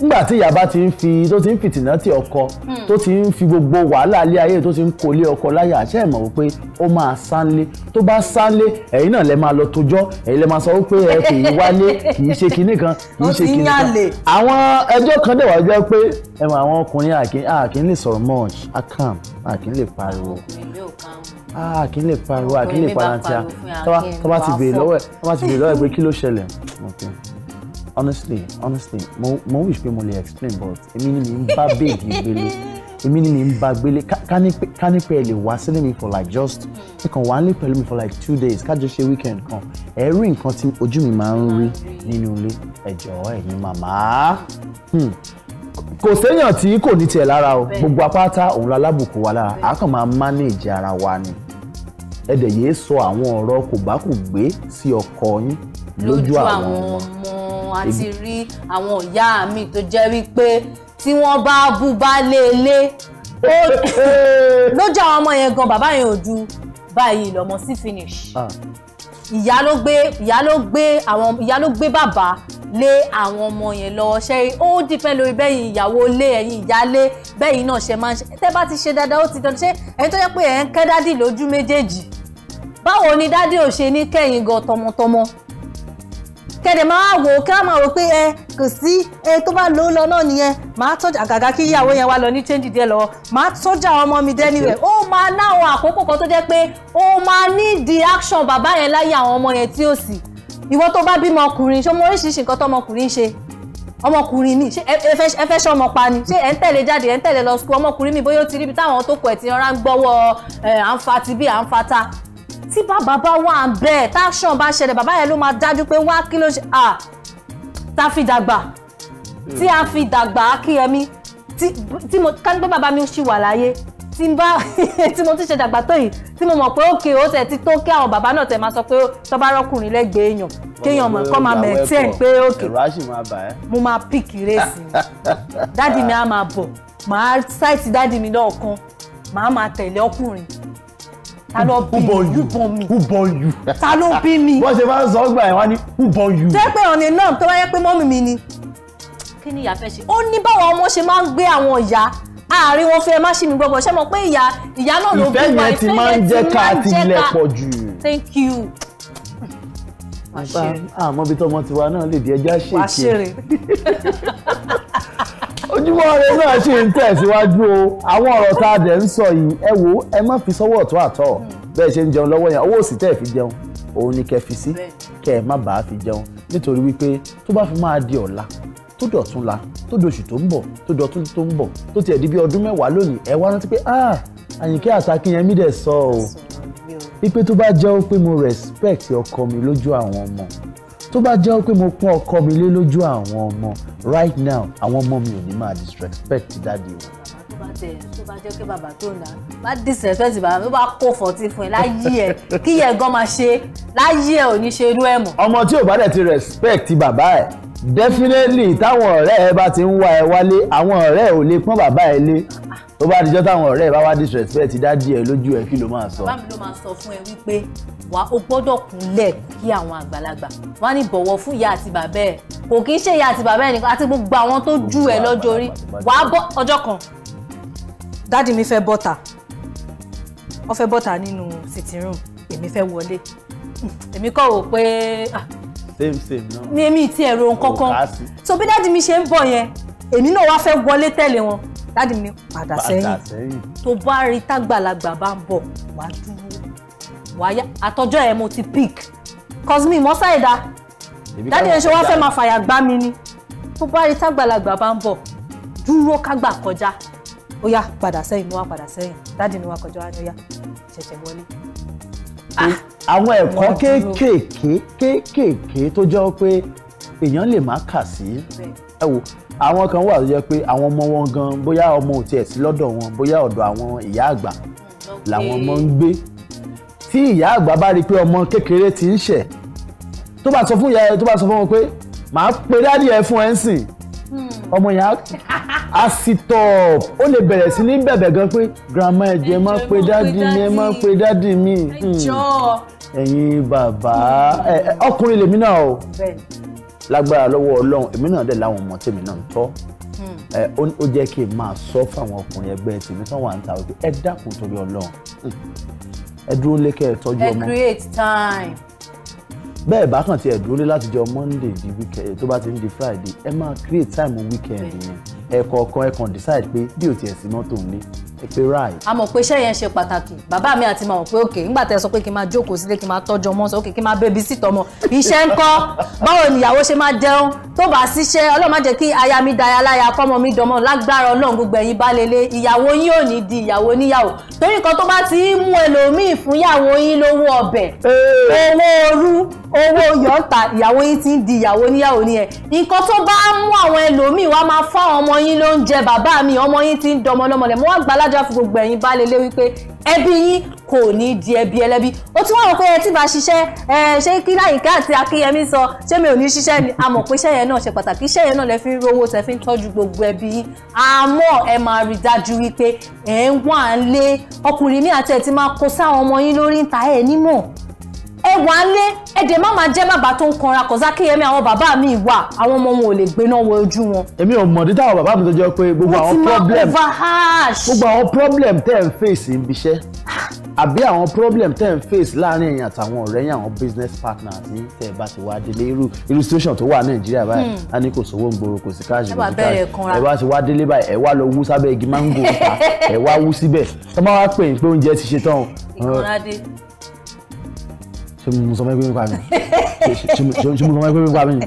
nígbà tí ìyá bá ti ń fi tó ti ń fìtìná ti ọkọ hmm. tó ti ń fi gbogbo wàhálà alẹ́ ayé tó ti ń kólé ọkọ láyà àṣẹ ẹ̀ mọ̀ wípé ó máa sánlé tó bá sánlé ẹ̀yin náà lẹ máa lọ tójọ́ ẹ̀yin lẹ máa sọ wípé ẹ kì í wálé kì í ṣe kinní kan kì í ṣe kinní kan àwọn ẹjọ́ kan dẹ̀ wá jẹ́ pé ẹ mọ̀ àwọn ọkùnrin àkín sọ̀rọ̀ much akam àkín pariwo ah kí n lè pariwo ah kí n lè parantia tó bá ti béèrè lọ́wọ́ ẹ̀ tó bá ti béèrè lọ́wọ́ ẹ̀ pé kí ló ṣẹlẹ̀ honestly honestly mo wish pé mo le explain but èmi ni mi ń bá bèèdì gbélé èmi ni mi ń bá gbélé ká ní pé ẹ lè wá sílé mi for like just ẹ kàn wá nílé pẹ̀lú mi for like two days ká jọ ṣe weekend kan ẹ rí nǹkan tí ojú mi máa ń rí nínú ilé ẹ jọ̀ọ́ ẹ̀yin màmá hmm. kò séèyàn tí kò ní tiẹ̀ lára o gbogbo apáta òun lálábùkù wa lára a máa manage ara wa ni ẹ dẹ̀ yéé sọ àwọn ọ̀rọ̀ kò bá kù gbé sí ọkọ yín lójú àwọn ọmọ àti rí àwọn ìyá mi tó jẹ́ wípé tí wọ́n bá bú bá léèlé lójú àwọn ọmọ yẹn gan bàbá yẹn ò ju báyìí lọmọ sí finish ah. ìyá ló gbé ìyá ló gbé àwọn ìyá ló gbé bàbá lé àwọn ọmọ yẹn lọ́wọ́ ṣe ó dìpẹ́ lórí bẹ́yìn ìyàwó lé ẹ̀yìn ìyálé bẹ́yìn náà ṣe máa ń ṣe tẹ́ bá ti ṣe dáadáa ó ti tọ́ ṣé ẹni tó yẹ pé ẹ̀ ń kẹ́ dádì lójú méjèèjì báwo ni dádì ò ṣe ní kẹ́yìn gan tọmọtọmọ kẹ́dẹ̀ máa wò ó kí wọ́n máa wò pé ẹ kò sí ẹ tó bá lò ó lọ náà nìyẹn máa tọ́jà àgàgà kí ìyàwó yẹn wá lọ ní change díẹ̀ lọ́wọ́ máa tọ́jà ọmọ mi dẹ́ni rẹ̀ ó máa náwọn àkókò kan tó jẹ́ pé ó máa ní the action bàbá yẹn láyé àwọn ọmọ yẹn tí ó sì ìwọ tó bá bímọ ọkùnrin ṣé ọmọ oríṣiríṣi nǹkan tó ọmọkùnrin ṣe ọmọkùnrin mi ṣé ẹ fẹ́ ṣe ọmọ pa ni ṣé ẹ ń tẹ̀lé jáde ẹ ń tẹ̀lé lọ sukùl ọmọkùnrin mi bóyá ó ti ríbi táwọn tó kù ẹ̀ ti rán ń gbọ́wọ́ à ń fa ti bí à ń fa ta tí bàbá bá wà ń bẹ́ẹ̀ táṣàn bá ṣẹlẹ̀ bàbá yẹn ló máa dájú pé wá kí ló ṣe à tá fi dàgbà tí a fi dàgbà kí ẹmí tí mo ká bàbá mi ṣì wà láyé tí n bá tí mo ti ṣe dàgbà tó yìí tí mo mọ̀ pé òkè ó tẹ̀ ti tó kí àwọn bàbá náà tẹ̀ máa sọ pé tó bá rọ́kùnrin lẹ́gbẹ̀ẹ́ èèyàn kéèyàn mọ̀ kọ́ máa maintain pé òkè mo máa pick race dáàdì mi á máa bọ̀ màá ṣáìtì dáàdì mi náà kan màá máa tẹ̀lé ọkùnrin ta ló bí mi who born me who born you ta ló bí mi. wọ́n ṣe máa ń sọ ọgbà ẹ̀ wá ní who born you. jẹ́ pé ọ̀nì náà tó bá yẹ pé mọ́mì mi ni kí ni ìyá fẹ́ ṣe. ó ní báwọn ọmọ ṣe máa ń gbé àwọn ìyá àárín wọn fẹ́ má ṣì mí gbọ́gbọ́ ṣé mo pé ìyá ìyá náà ló bí wa ìfẹ́ yẹn ti máa ń jẹ́ ká ti lẹ̀ pọ̀ jù. thank you. àmọ́ ah, bí tọmọ tiwa náà lè di ẹja ṣèké ojúmọ́ ire náà ṣì ń tẹ̀síwájú o àwọn ọ̀rọ̀ tá a dẹ̀ ń sọ yìí ẹ wo ẹ má fi sọ́wọ́ ọ̀tún àtọ̀ hmm. bẹ́ẹ̀ ṣe ń jẹun lọ́wọ́ yẹn owó òsì tẹ̀ fi jẹun òun ni kẹ́ fi sí kẹ́ ẹ má bàa fi jẹun nítorí wípé tó bá fi máa di ọ̀la tó dọ̀tún la tó dọ̀ṣù tó ń bọ̀ tó dọ̀tún tó ń bọ̀ tó tiẹ̀ di bí ọdún mẹ́wàá lónìí ẹ wá rántí pé ah àyìnkẹ́ àsakínyẹmí dẹ̀ sọ o ipe tó bá jẹ́ pé mo respect ọkọ mi lójú àwọn ọmọ tó bá jẹ́ pé mo pọ́n ọkọ mi lé lójú àwọn ọmọ right now àwọn ọmọ mi ò ní máa disrespect dáàdi o. tó bá tẹ tó bá jẹ́ bá disrespect bàbá tó bá kó fọ̀tí fún ẹ láyé ẹ kí yẹ gan máa ṣe láyé ẹ ò ní ṣe irú ẹ mọ́. ọmọ tí ò bá dẹ̀ ti respect bàbá ẹ̀ definitely táwọn ọ̀rẹ́ ẹ bá ti ń wá ẹ wálé àwọn ọ̀rẹ́ ẹ ò lè pọ́n bàbá ẹ lé tó bá dijọ́ táwọn ọ̀rẹ́ ẹ bá wá disrespect dádì ẹ lójú ẹ kí ló máa sọ. bámi ló máa sọ fún ẹ wípé wà ó gbọ́dọ̀ kúnlẹ̀ kí àwọn àgbàlagbà wọ́n á ní bọ̀wọ̀ fún ìyá àti bàbá ẹ̀ kò kí ń ṣe ìyá àti bàbá ẹ̀ nìkan àti gbogbo àwọn tó jù ẹ lọ́jọ́ orí wàá bọ́ ọjọ́ kan dádì mi fẹ́ bọ́tà wọ́n fẹ́ bọ́tà nínú sitting room èmi fẹ́ wọlé èmi kọ̀ wò pé ah, same same náà. ní èmi ti ẹ̀rọ nǹkankan so bí dáàdi mi ṣe ń bọ̀ yẹn èmi náà wá fẹ́ wọlé tẹ̀lé wọn dáàdi mi padà sẹ́yìn tó bá rí tágbàlagbà bá ń bọ̀ wá dúró wá yá àtọjọ́ ẹ̀ mo ti pick cos mi mọ́ sáìdá dáàdi ẹ̀ ṣe wá fẹ́ máa fàyà gbá mi ni tó bá rí tágbàlagbà bá ń bọ̀ dúró kágbà kọjá ó yá padà sẹ́yìn mo wá padà sẹ́yìn dáàdi mi wá kọjá wá ní ó yá ṣẹ̀ṣẹ̀ wọlé. Ah. àwọn ẹ̀kọ́ kéékèèké kéékèèké tó jẹ́ pé èèyàn lè má kà sí ẹ wò àwọn kan wà tó jẹ́ pé àwọn ọmọ wọn gan bóyá ọmọ ò tiẹ̀ sí lọ́dọ̀ wọn bóyá ọ̀dọ̀ àwọn ìyá àgbà làwọn ọmọ ń gbé tí ìyá àgbà bá rí i pé ọmọ kékeré ti ń ṣẹ̀ tó bá sọ fún ìyá ẹ tó bá sọ fún wọn pé màá pe dáàdì ẹ fún ẹ ń sìn hmm. ọmọ yẹn á asitop ó lè bẹ̀rẹ̀ sí ní bẹ̀bẹ̀ gan pé grandma ẹ jẹ́ má pè dádì mi ẹ má pè dádì mi hmm. ẹ̀yin bàbá ọkùnrin lèmi náà o lágbára lọ́wọ́ ọlọ́run èmi náà dẹ̀ láwọn ọmọ tèmi náà ń tọ́ hmm. ó jẹ́ kí n máa sọ fáwọn ọkùnrin ẹgbẹ́ tèmi tán wà ń ta wípé ẹ dákun torí ọlọ́run hmm. ẹ dúró lé ẹ tọ́jú ọmọ. create time bẹ́ẹ̀ bá kàn ti ẹ̀ dúró lé láti jọ monday di weekend tó bá ti ń di friday ẹ máa create time weekend yẹn ẹ̀kọ̀ọ̀kan ẹ̀kan decide pé bí o tiẹ̀ sí mọ́tò ń lé ẹ pé ráì. a mọ̀ pé iṣẹ́ yẹn ṣe pàtàkì bàbá mi àti màmọ̀ pé òkè nígbà tẹ́ sọ pé kí n máa jókòó sílé kí n máa tọ́jú ọmọ sọ òkè kí n máa bẹ́bí sí tọmọ iṣẹ́ ń kọ́ báwo nìyàwó ṣe máa jẹun tó bá síṣẹ́ ọlọ́run má jẹ́ kí aya mi daya láya kọ́mọ mi dọmọ lágbára ọlọ́run gbogbo ẹ̀yin bá lélẹ̀ ìyàwó yín ò ní di ìyàwó níyàwó torí nǹkan tó bá ti mú ẹlòmíì fún ìyàwó yín lówó ọbẹ̀ owó orú owó yọ̀ọ̀ta ìyàwó yín ti ń di ìyàwó níyàwó ni ẹ̀ nǹkan tó bá mú àwọn ẹlòmíì wá máa fọ́ àwọn ọmọ yín ló ń jẹ bàbá mi ọmọ yín ti ń dọmọ lọmọ lẹ̀ mo wá gbàlájà fún gbogbo ẹ̀yin baálé lé wípé ẹbí yín kò ní di ẹbí ẹlẹ́bí ó tún wọ́n pé ẹ tí bá ṣiṣẹ́ ẹ ṣé kí láyìíká àti akínyẹmí sọ ṣé mi ò ní ṣiṣẹ́ ni a mọ̀ pé iṣẹ́ yẹn náà ṣe pàtàkì iṣẹ́ yẹn náà lẹ fi ń rówó tẹ fi ń tọ́jú gbogbo ẹbí yín àmọ́ ẹ máa rí dájú wípé ẹ ń wà ń lé ọkùnrin mi àti ẹ ti máa kó sáwọn ọmọ yín lórí ń ta ẹ nímọ̀ ẹ wà á lé ẹdẹ má máa jẹ́ bàbá tó ń kanra kọ̀sá kéyẹmí àwọn bàbá mi wà àwọn ọmọ wọn ò lè gbéná wọ ojú wọn. èmi ò mọ̀ dídá àwọn bàbá mi tó jẹ́ pé gbogbo àwọn problem gbogbo àwọn problem tẹ́ ẹ̀ ń face ń bíṣẹ́ àbí àwọn problem tẹ́ ẹ̀ ń face láàrin ẹ̀yin àtàwọn ọ̀rẹ́ yín àwọn business partners ní tẹ́ ẹ bá ti wá délé irú irú situation tó wà nàìjíríà báyìí hmm. a ní kò sówó ń gbòòrò kò sí káàṣì kò sí káàṣì ẹ bá ti wá délé báyìí ẹ wá lọ wú sábẹ́ igi máńgò ẹ wá wú síbẹ̀ tọ́ bá wá pè é pé oúnjẹ ti ṣe tán ṣé mo sọ fún ẹ pé mi pa mi ṣé mo sọ fún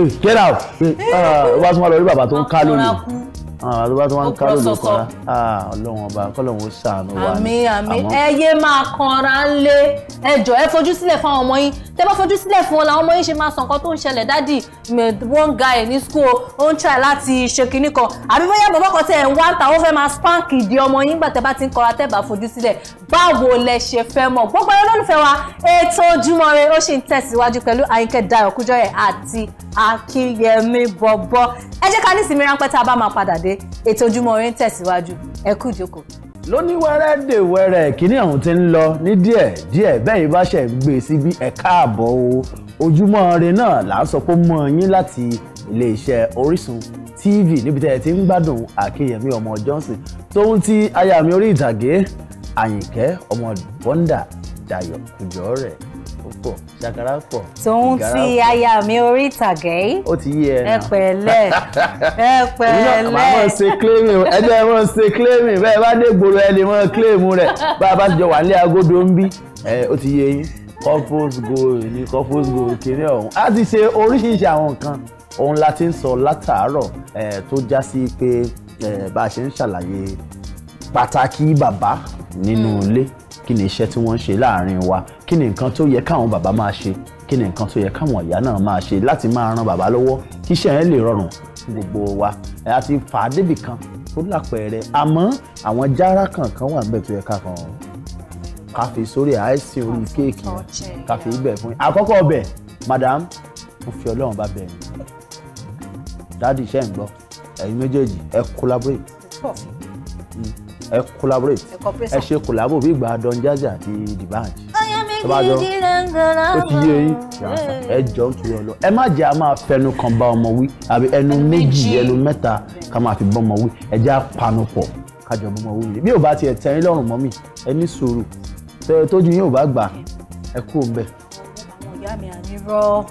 ẹ get out wá tún wá lọ rí bàbá tó ń àlọ́ ah, bá tí wọ́n ń kárò ló kọ́ra ah, ọlọ́run ọba kọ́lọ́run ó ṣàánú wa ni. àmín àmín ẹ yé máa kanra ń lé ẹjọ́ ẹ fojú sílẹ̀ fún àwọn ọmọ yín tẹ́ bá fojú sílẹ̀ fún wọn làwọn ọmọ yín ṣe máa sọ nǹkan tó ń ṣẹlẹ̀ dádì one guy ní school ó ń try láti ṣe kinní kan àbí bóyá bàbá kan tẹ̀ ń wá ń ta ó fẹ́ máa spank ìdí ọmọ yín gbà tẹ́ bá ti ń kọ́ra tẹ́ bá fojú sílẹ̀ báwo lẹ ṣe fẹ́ mọ̀ gbogbo ẹ lólùfẹ́ wa ètò Ojúmọ́ Ire ó ṣì ń tẹ̀síwájú pẹ̀lú Àyìnkẹ́ Dayọ̀ Kújọ́yẹ̀ àti Akínyẹmí bọ̀bọ̀ ẹ jẹ́ ká ní ìsinmi ráńpẹ́ tá a bá máa padà dé kékeré ètò ojúmọ́ ire ń tẹ̀síwájú ẹ kú ìjókòó. lóní wẹ́rẹ́ dè wẹ́rẹ́ kínní ọ̀hún ti ń lọ ní díẹ̀ díẹ̀ bẹ́ẹ̀ bá ṣe gbé síbi ẹ káàbọ̀ o ojúmọ́ ire náà là ń sọ pé mọ́ yín láti iléeṣẹ́ Orísun TV níbi tẹ́ ẹ ti ń gbádùn Akínyẹmí ọmọ Johnson tóun ti aya mi orí ìtàgé Àyìnkẹ́ ọmọ Bọ́ńdà Dayọ̀ Kújọ́rẹ̀ pọ̀ ṣàkàrà pọ̀. tòun ti aya mi orí ìtàgé. ó ti yí ẹ náà. ẹ pẹ̀lẹ́ ẹ pẹ̀lẹ́. màá mọ̀ ṣe claiming ẹgbẹ́ mọ̀ ṣe claiming bẹ́ẹ̀ bá dé gbòòrò ẹ mọ̀ claim rẹ̀ bá a bá ti jọ wà nílé agodo ń bí ó ti yé yín couples goal ní couples goal kéré ọ̀hún a ti ṣe oríṣiríṣi àwọn nǹkan ohun la ti ń sọ látàárọ̀ tó já sí pé bá a ṣe ń ṣàlàyé pàtàkì bàbá nínú hmm. ilé. Mm kí ni iṣẹ́ tí wọ́n ń ṣe láàrin wa kí ni nǹkan tó yẹ káwọn bàbá máa ṣe kí ni nǹkan tó yẹ káwọn ìyá náà máa ṣe láti máa ran bàbá lọ́wọ́ kí iṣẹ́ yẹn lè rọrùn fún gbogbo wa àti fà á débì kan tó lápẹẹrẹ àmọ́ àwọn jára kankan wà níbẹ̀ tó yẹ ká kàn ká fi sórí àìsí orí kéèkì ká fi ibẹ̀ fún yín àkọ́kọ́ ọbẹ̀ madam mo fi ọlọ́run bá bẹ̀ yín dáàdì iṣẹ́ ń gbọ́ ẹ̀yin méjèèjì ẹ collaborate ẹ collaborate ẹ ṣe collabo bí ìgbà Don Jazzy àti D'banj tó bá jọ ó ti yé yín ẹ jọ ń tuyọ lọ ẹ má jẹ́ a máa fẹnu kan bá ọmọ wí àbí ẹnu méjì ẹnu mẹ́ta ká máa fi bọ́mọ wí ẹ jẹ́ àpanupọ̀ kájọ bọ́mọ wí rè bí ò bá tiẹ̀ tẹ́yìn lọ́rùn mọ́ mi ẹ ní sùúrù tójú yín ò bá gbà ẹ kú òun ìyá mi ànírọ́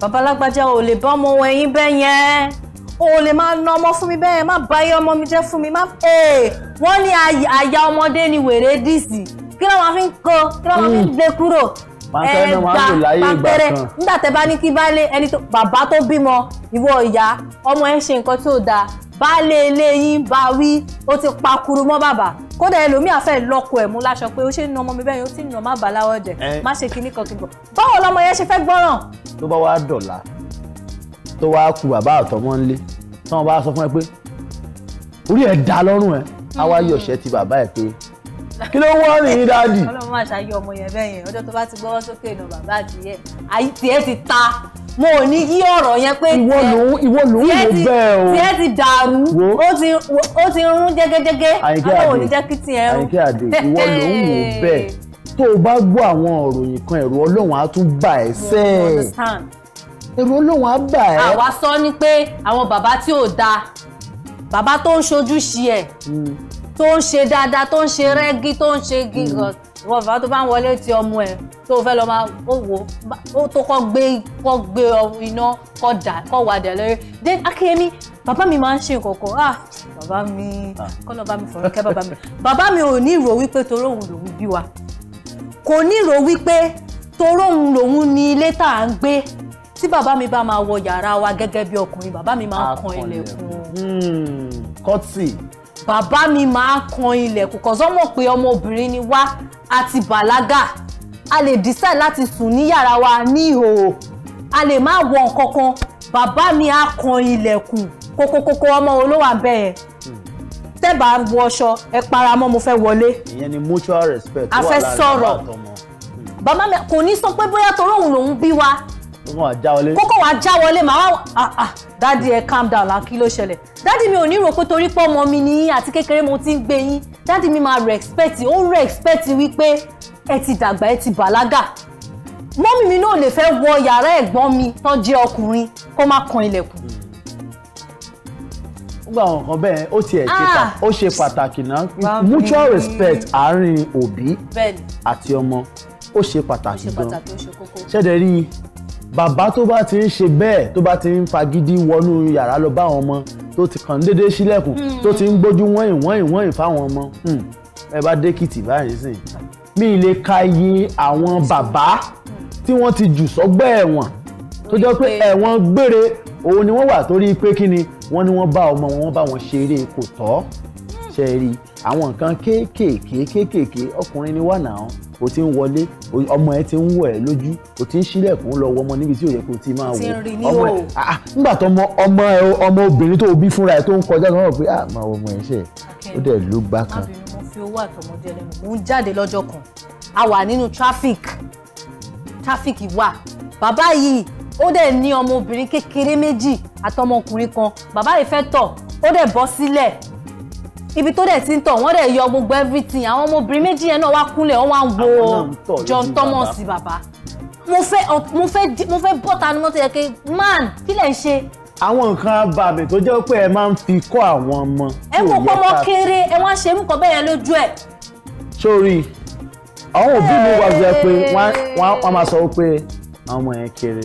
babalágbájá ò lè bá ọmọ ẹyin bẹ́ẹ̀ yẹn o lè máa na ọmọ fún mi bẹ́ẹ̀ má báyé ọmọ mi jẹ́ fún mi má. Eh! wọ́n ní àyà ọmọdé ni wèrè díìsì kí ló máa fi ń kó kí ló máa fi ń hmm. gbé kúrò pàǹtẹ́rẹ́ nígbà tẹ́ bá ní kí baálé ẹni tó bàbá tó bímọ ìwọ ìyá ọmọ ẹ ṣe nǹkan tí ò dáa baálé ilé yín bá wí ó ti pakuru mọ́ bàbá kódà ẹlòmíì àfẹ́ lọ́kọ ẹ̀ mú láṣọ pé ó ṣe ń na ọmọ mi bẹ́ẹ̀ yóò ti nà má bà láwọ̀ jẹ má ṣe kinní kan kíkan báwo lọmọ yẹn ṣe fẹ́ gbọ́ràn. tó bá wá dọ̀la tó wá ku bàbá àtọmọ́ ńlé tí wọ́n bá sọ fún ẹ pé orí ẹ̀ dá lọ́rùn ẹ̀ àwa yí ọ̀sẹ̀ ti bàbá ẹ̀ pé kí ló wọ́n rí dáàdì. ọlọ́run máa ṣàyẹ ọmọ yẹn bẹ́ẹ̀ yẹn ọjọ́ tó bá ti gbọ́wọ́ sókè náà bàbá àti yẹ àyè tiẹ̀ ti ta mo ò ní yí ọ̀rọ̀ yẹn pé ìwọ lòun ìwọ lòun wò bẹ́ẹ̀ o tiẹ̀ ti dàrú ó ti ó ti rún jẹ́gẹ́jẹ́gẹ́ ọlọ́run ò ní jẹ́ kí tiẹ̀ rún. àyíké àdè ìwọ lòun wò bẹ́ẹ̀ tó o bá gbọ́ àwọn òròyìn kan ẹ̀rù ọlọ́run á tún bà ẹ́ sẹ́ẹ̀ ẹ̀rù ọlọ́run á bà ẹ́. àwa sọ ni pé àwọn bàbá tí ò dáa bàbá tó ń ṣojú sí ẹ̀ mm. tó ń ṣe dáadáa tó ń ṣe mm. rẹ́gí tó ń ṣe gígan mm. ìwọ bàbá tó bá ń wọlé ti ọmọ ẹ tó fẹ́ lọ máa ó wò ó tó kọ́ gbé kọ́ gbé iná kọ́ dà kọ́ wà dẹ̀ lórí then Akínyẹmí bàbá mi máa ń ṣe nǹkankan ah bàbá mi ah. kọ́nà bá mi fọ̀rọ̀ kẹ́ bàbá mi bàbá mi ò ní ìrò wípé torí òun lòun bí wa kò ní ìrò wípé torí òun lòun ní ilé tá à ń gbé tí bàbá mi bá máa wọ yàrá wa gẹ́gẹ́ bí ọkùnrin bàbá mi máa ń kan ilẹ̀kùn. Hmm, kọ́tì. bàbá mi máa kan ilẹ̀kùn kọ́sọ́ mọ̀ pé ọmọbìnrin ni wá àti bàlágà a lè dísà láti sùn ní yàrá wa ní ìhòòhò a lè má wọ nǹkan kan bàbá mi á kan ilẹ̀kùn kókókókó ọmọ olówà bẹ́ẹ̀ tẹ́ bá wọ aṣọ ẹ para mọ́ mo fẹ́ wọlé. ìyẹn ni mutual respect wà láàrin àwọn àtọmọ. Hmm. bàbá mi kò ní sọ pé bóyá torí òun lòún bí wa kókó wá já wọlé. kókó wá já wọlé màá wá ah ah dádì ẹ calm down là kí ló ṣẹlẹ̀ dádì mi ò ní rò pé torí pé ọmọ mi nìyí àti kékeré mo ti ń gbé yín dádì mi máa respect ó respect wípé ẹ ti dàgbà ẹ ti bàlágà mọ́mì mi náà lè fẹ́ wọ yàrá ẹ̀gbọ́n mi tán jẹ́ ọkùnrin kó má kan ilẹ̀kùn. gbogbo àwọn nǹkan bẹ́ẹ̀ ó tiẹ̀ ah! ó ṣe pàtàkì náà mutual respect àárín òbí àti ọmọ ó ṣe pàtàkì gan ṣẹ́dẹ̀ rí i bàbá tó bá ti ń ṣe bẹ́ẹ̀ tó bá ti ń fagídí wọnú yàrá lọ bá àwọn ọmọ tó ti kàn déédéé sílẹ̀kùn hmm. tó ti ń gbójú wọ́n ìwọ́n ìwọ́n ìfáwọn ọmọ hmm, ẹ bá dékìtì báyìí sìn mi lè ka iye àwọn bàbá tí wọ́n ti jù sọ́gbẹ́ ẹ̀wọ̀n tó jẹ́ pé ẹ̀wọ̀n gbére òun ni wọ́n wà torí pé kí ni wọ́n ní wọ́n bá ọmọ wọn bá wọn ṣeré kò tọ́ hmm. ṣe rí àwọn nǹkan kéékèèké kéékèèké ọkùnrin ni wà náà o ti ń wọlé ọmọ ẹ ti ń wọ ẹ lójú o ti ń ṣílẹ̀kùn lọ wọ ọmọ níbi tí ò yẹ kó o ti máa wọ ọmọ ẹ ah, ah, nígbà tó ọmọ ọmọ ẹ ọmọ obìnrin tó o bí fúnra ẹ tó ń kọjá tó ń rò pé ah máa wọ ọmọ ẹ ṣe ó dẹ̀ ló gbá kan. mo fi owó àtọmọdé ẹlẹ́mu mò ń jáde lọ́jọ́ kan a wà nínú traffic traffic wà bàbá yìí ó dẹ̀ ní ọmọbìnrin kékeré méjì àtọmọkùnrin kan bàbá yìí fẹ́ tọ̀ ó dẹ̀ bọ́ sílẹ̀ ibi tó dẹ̀ ti ń tọ̀ wọ́n dẹ̀ yọ gbogbo everything àwọn ọmọbìnrin méjì yẹn náà wá kúnlẹ̀ wọ́n wá ń wo John Thomas bàbá mo fẹ́ mo fẹ́ mo fẹ́ bọ́ta ni mo ti yẹ kí man kí lẹ̀ ń ṣe àwọn nǹkan abàmì tó jẹ́ pé ẹ máa ń fi kọ́ àwọn ọmọ. ẹ kò pọ́ ọmọ kéré ẹ wá ṣe nǹkan bẹ́ẹ̀ lójú ẹ̀. sórí àwọn òbí mi wá jẹ pé wọ́n máa sọ pé àwọn ọmọ yẹn kéré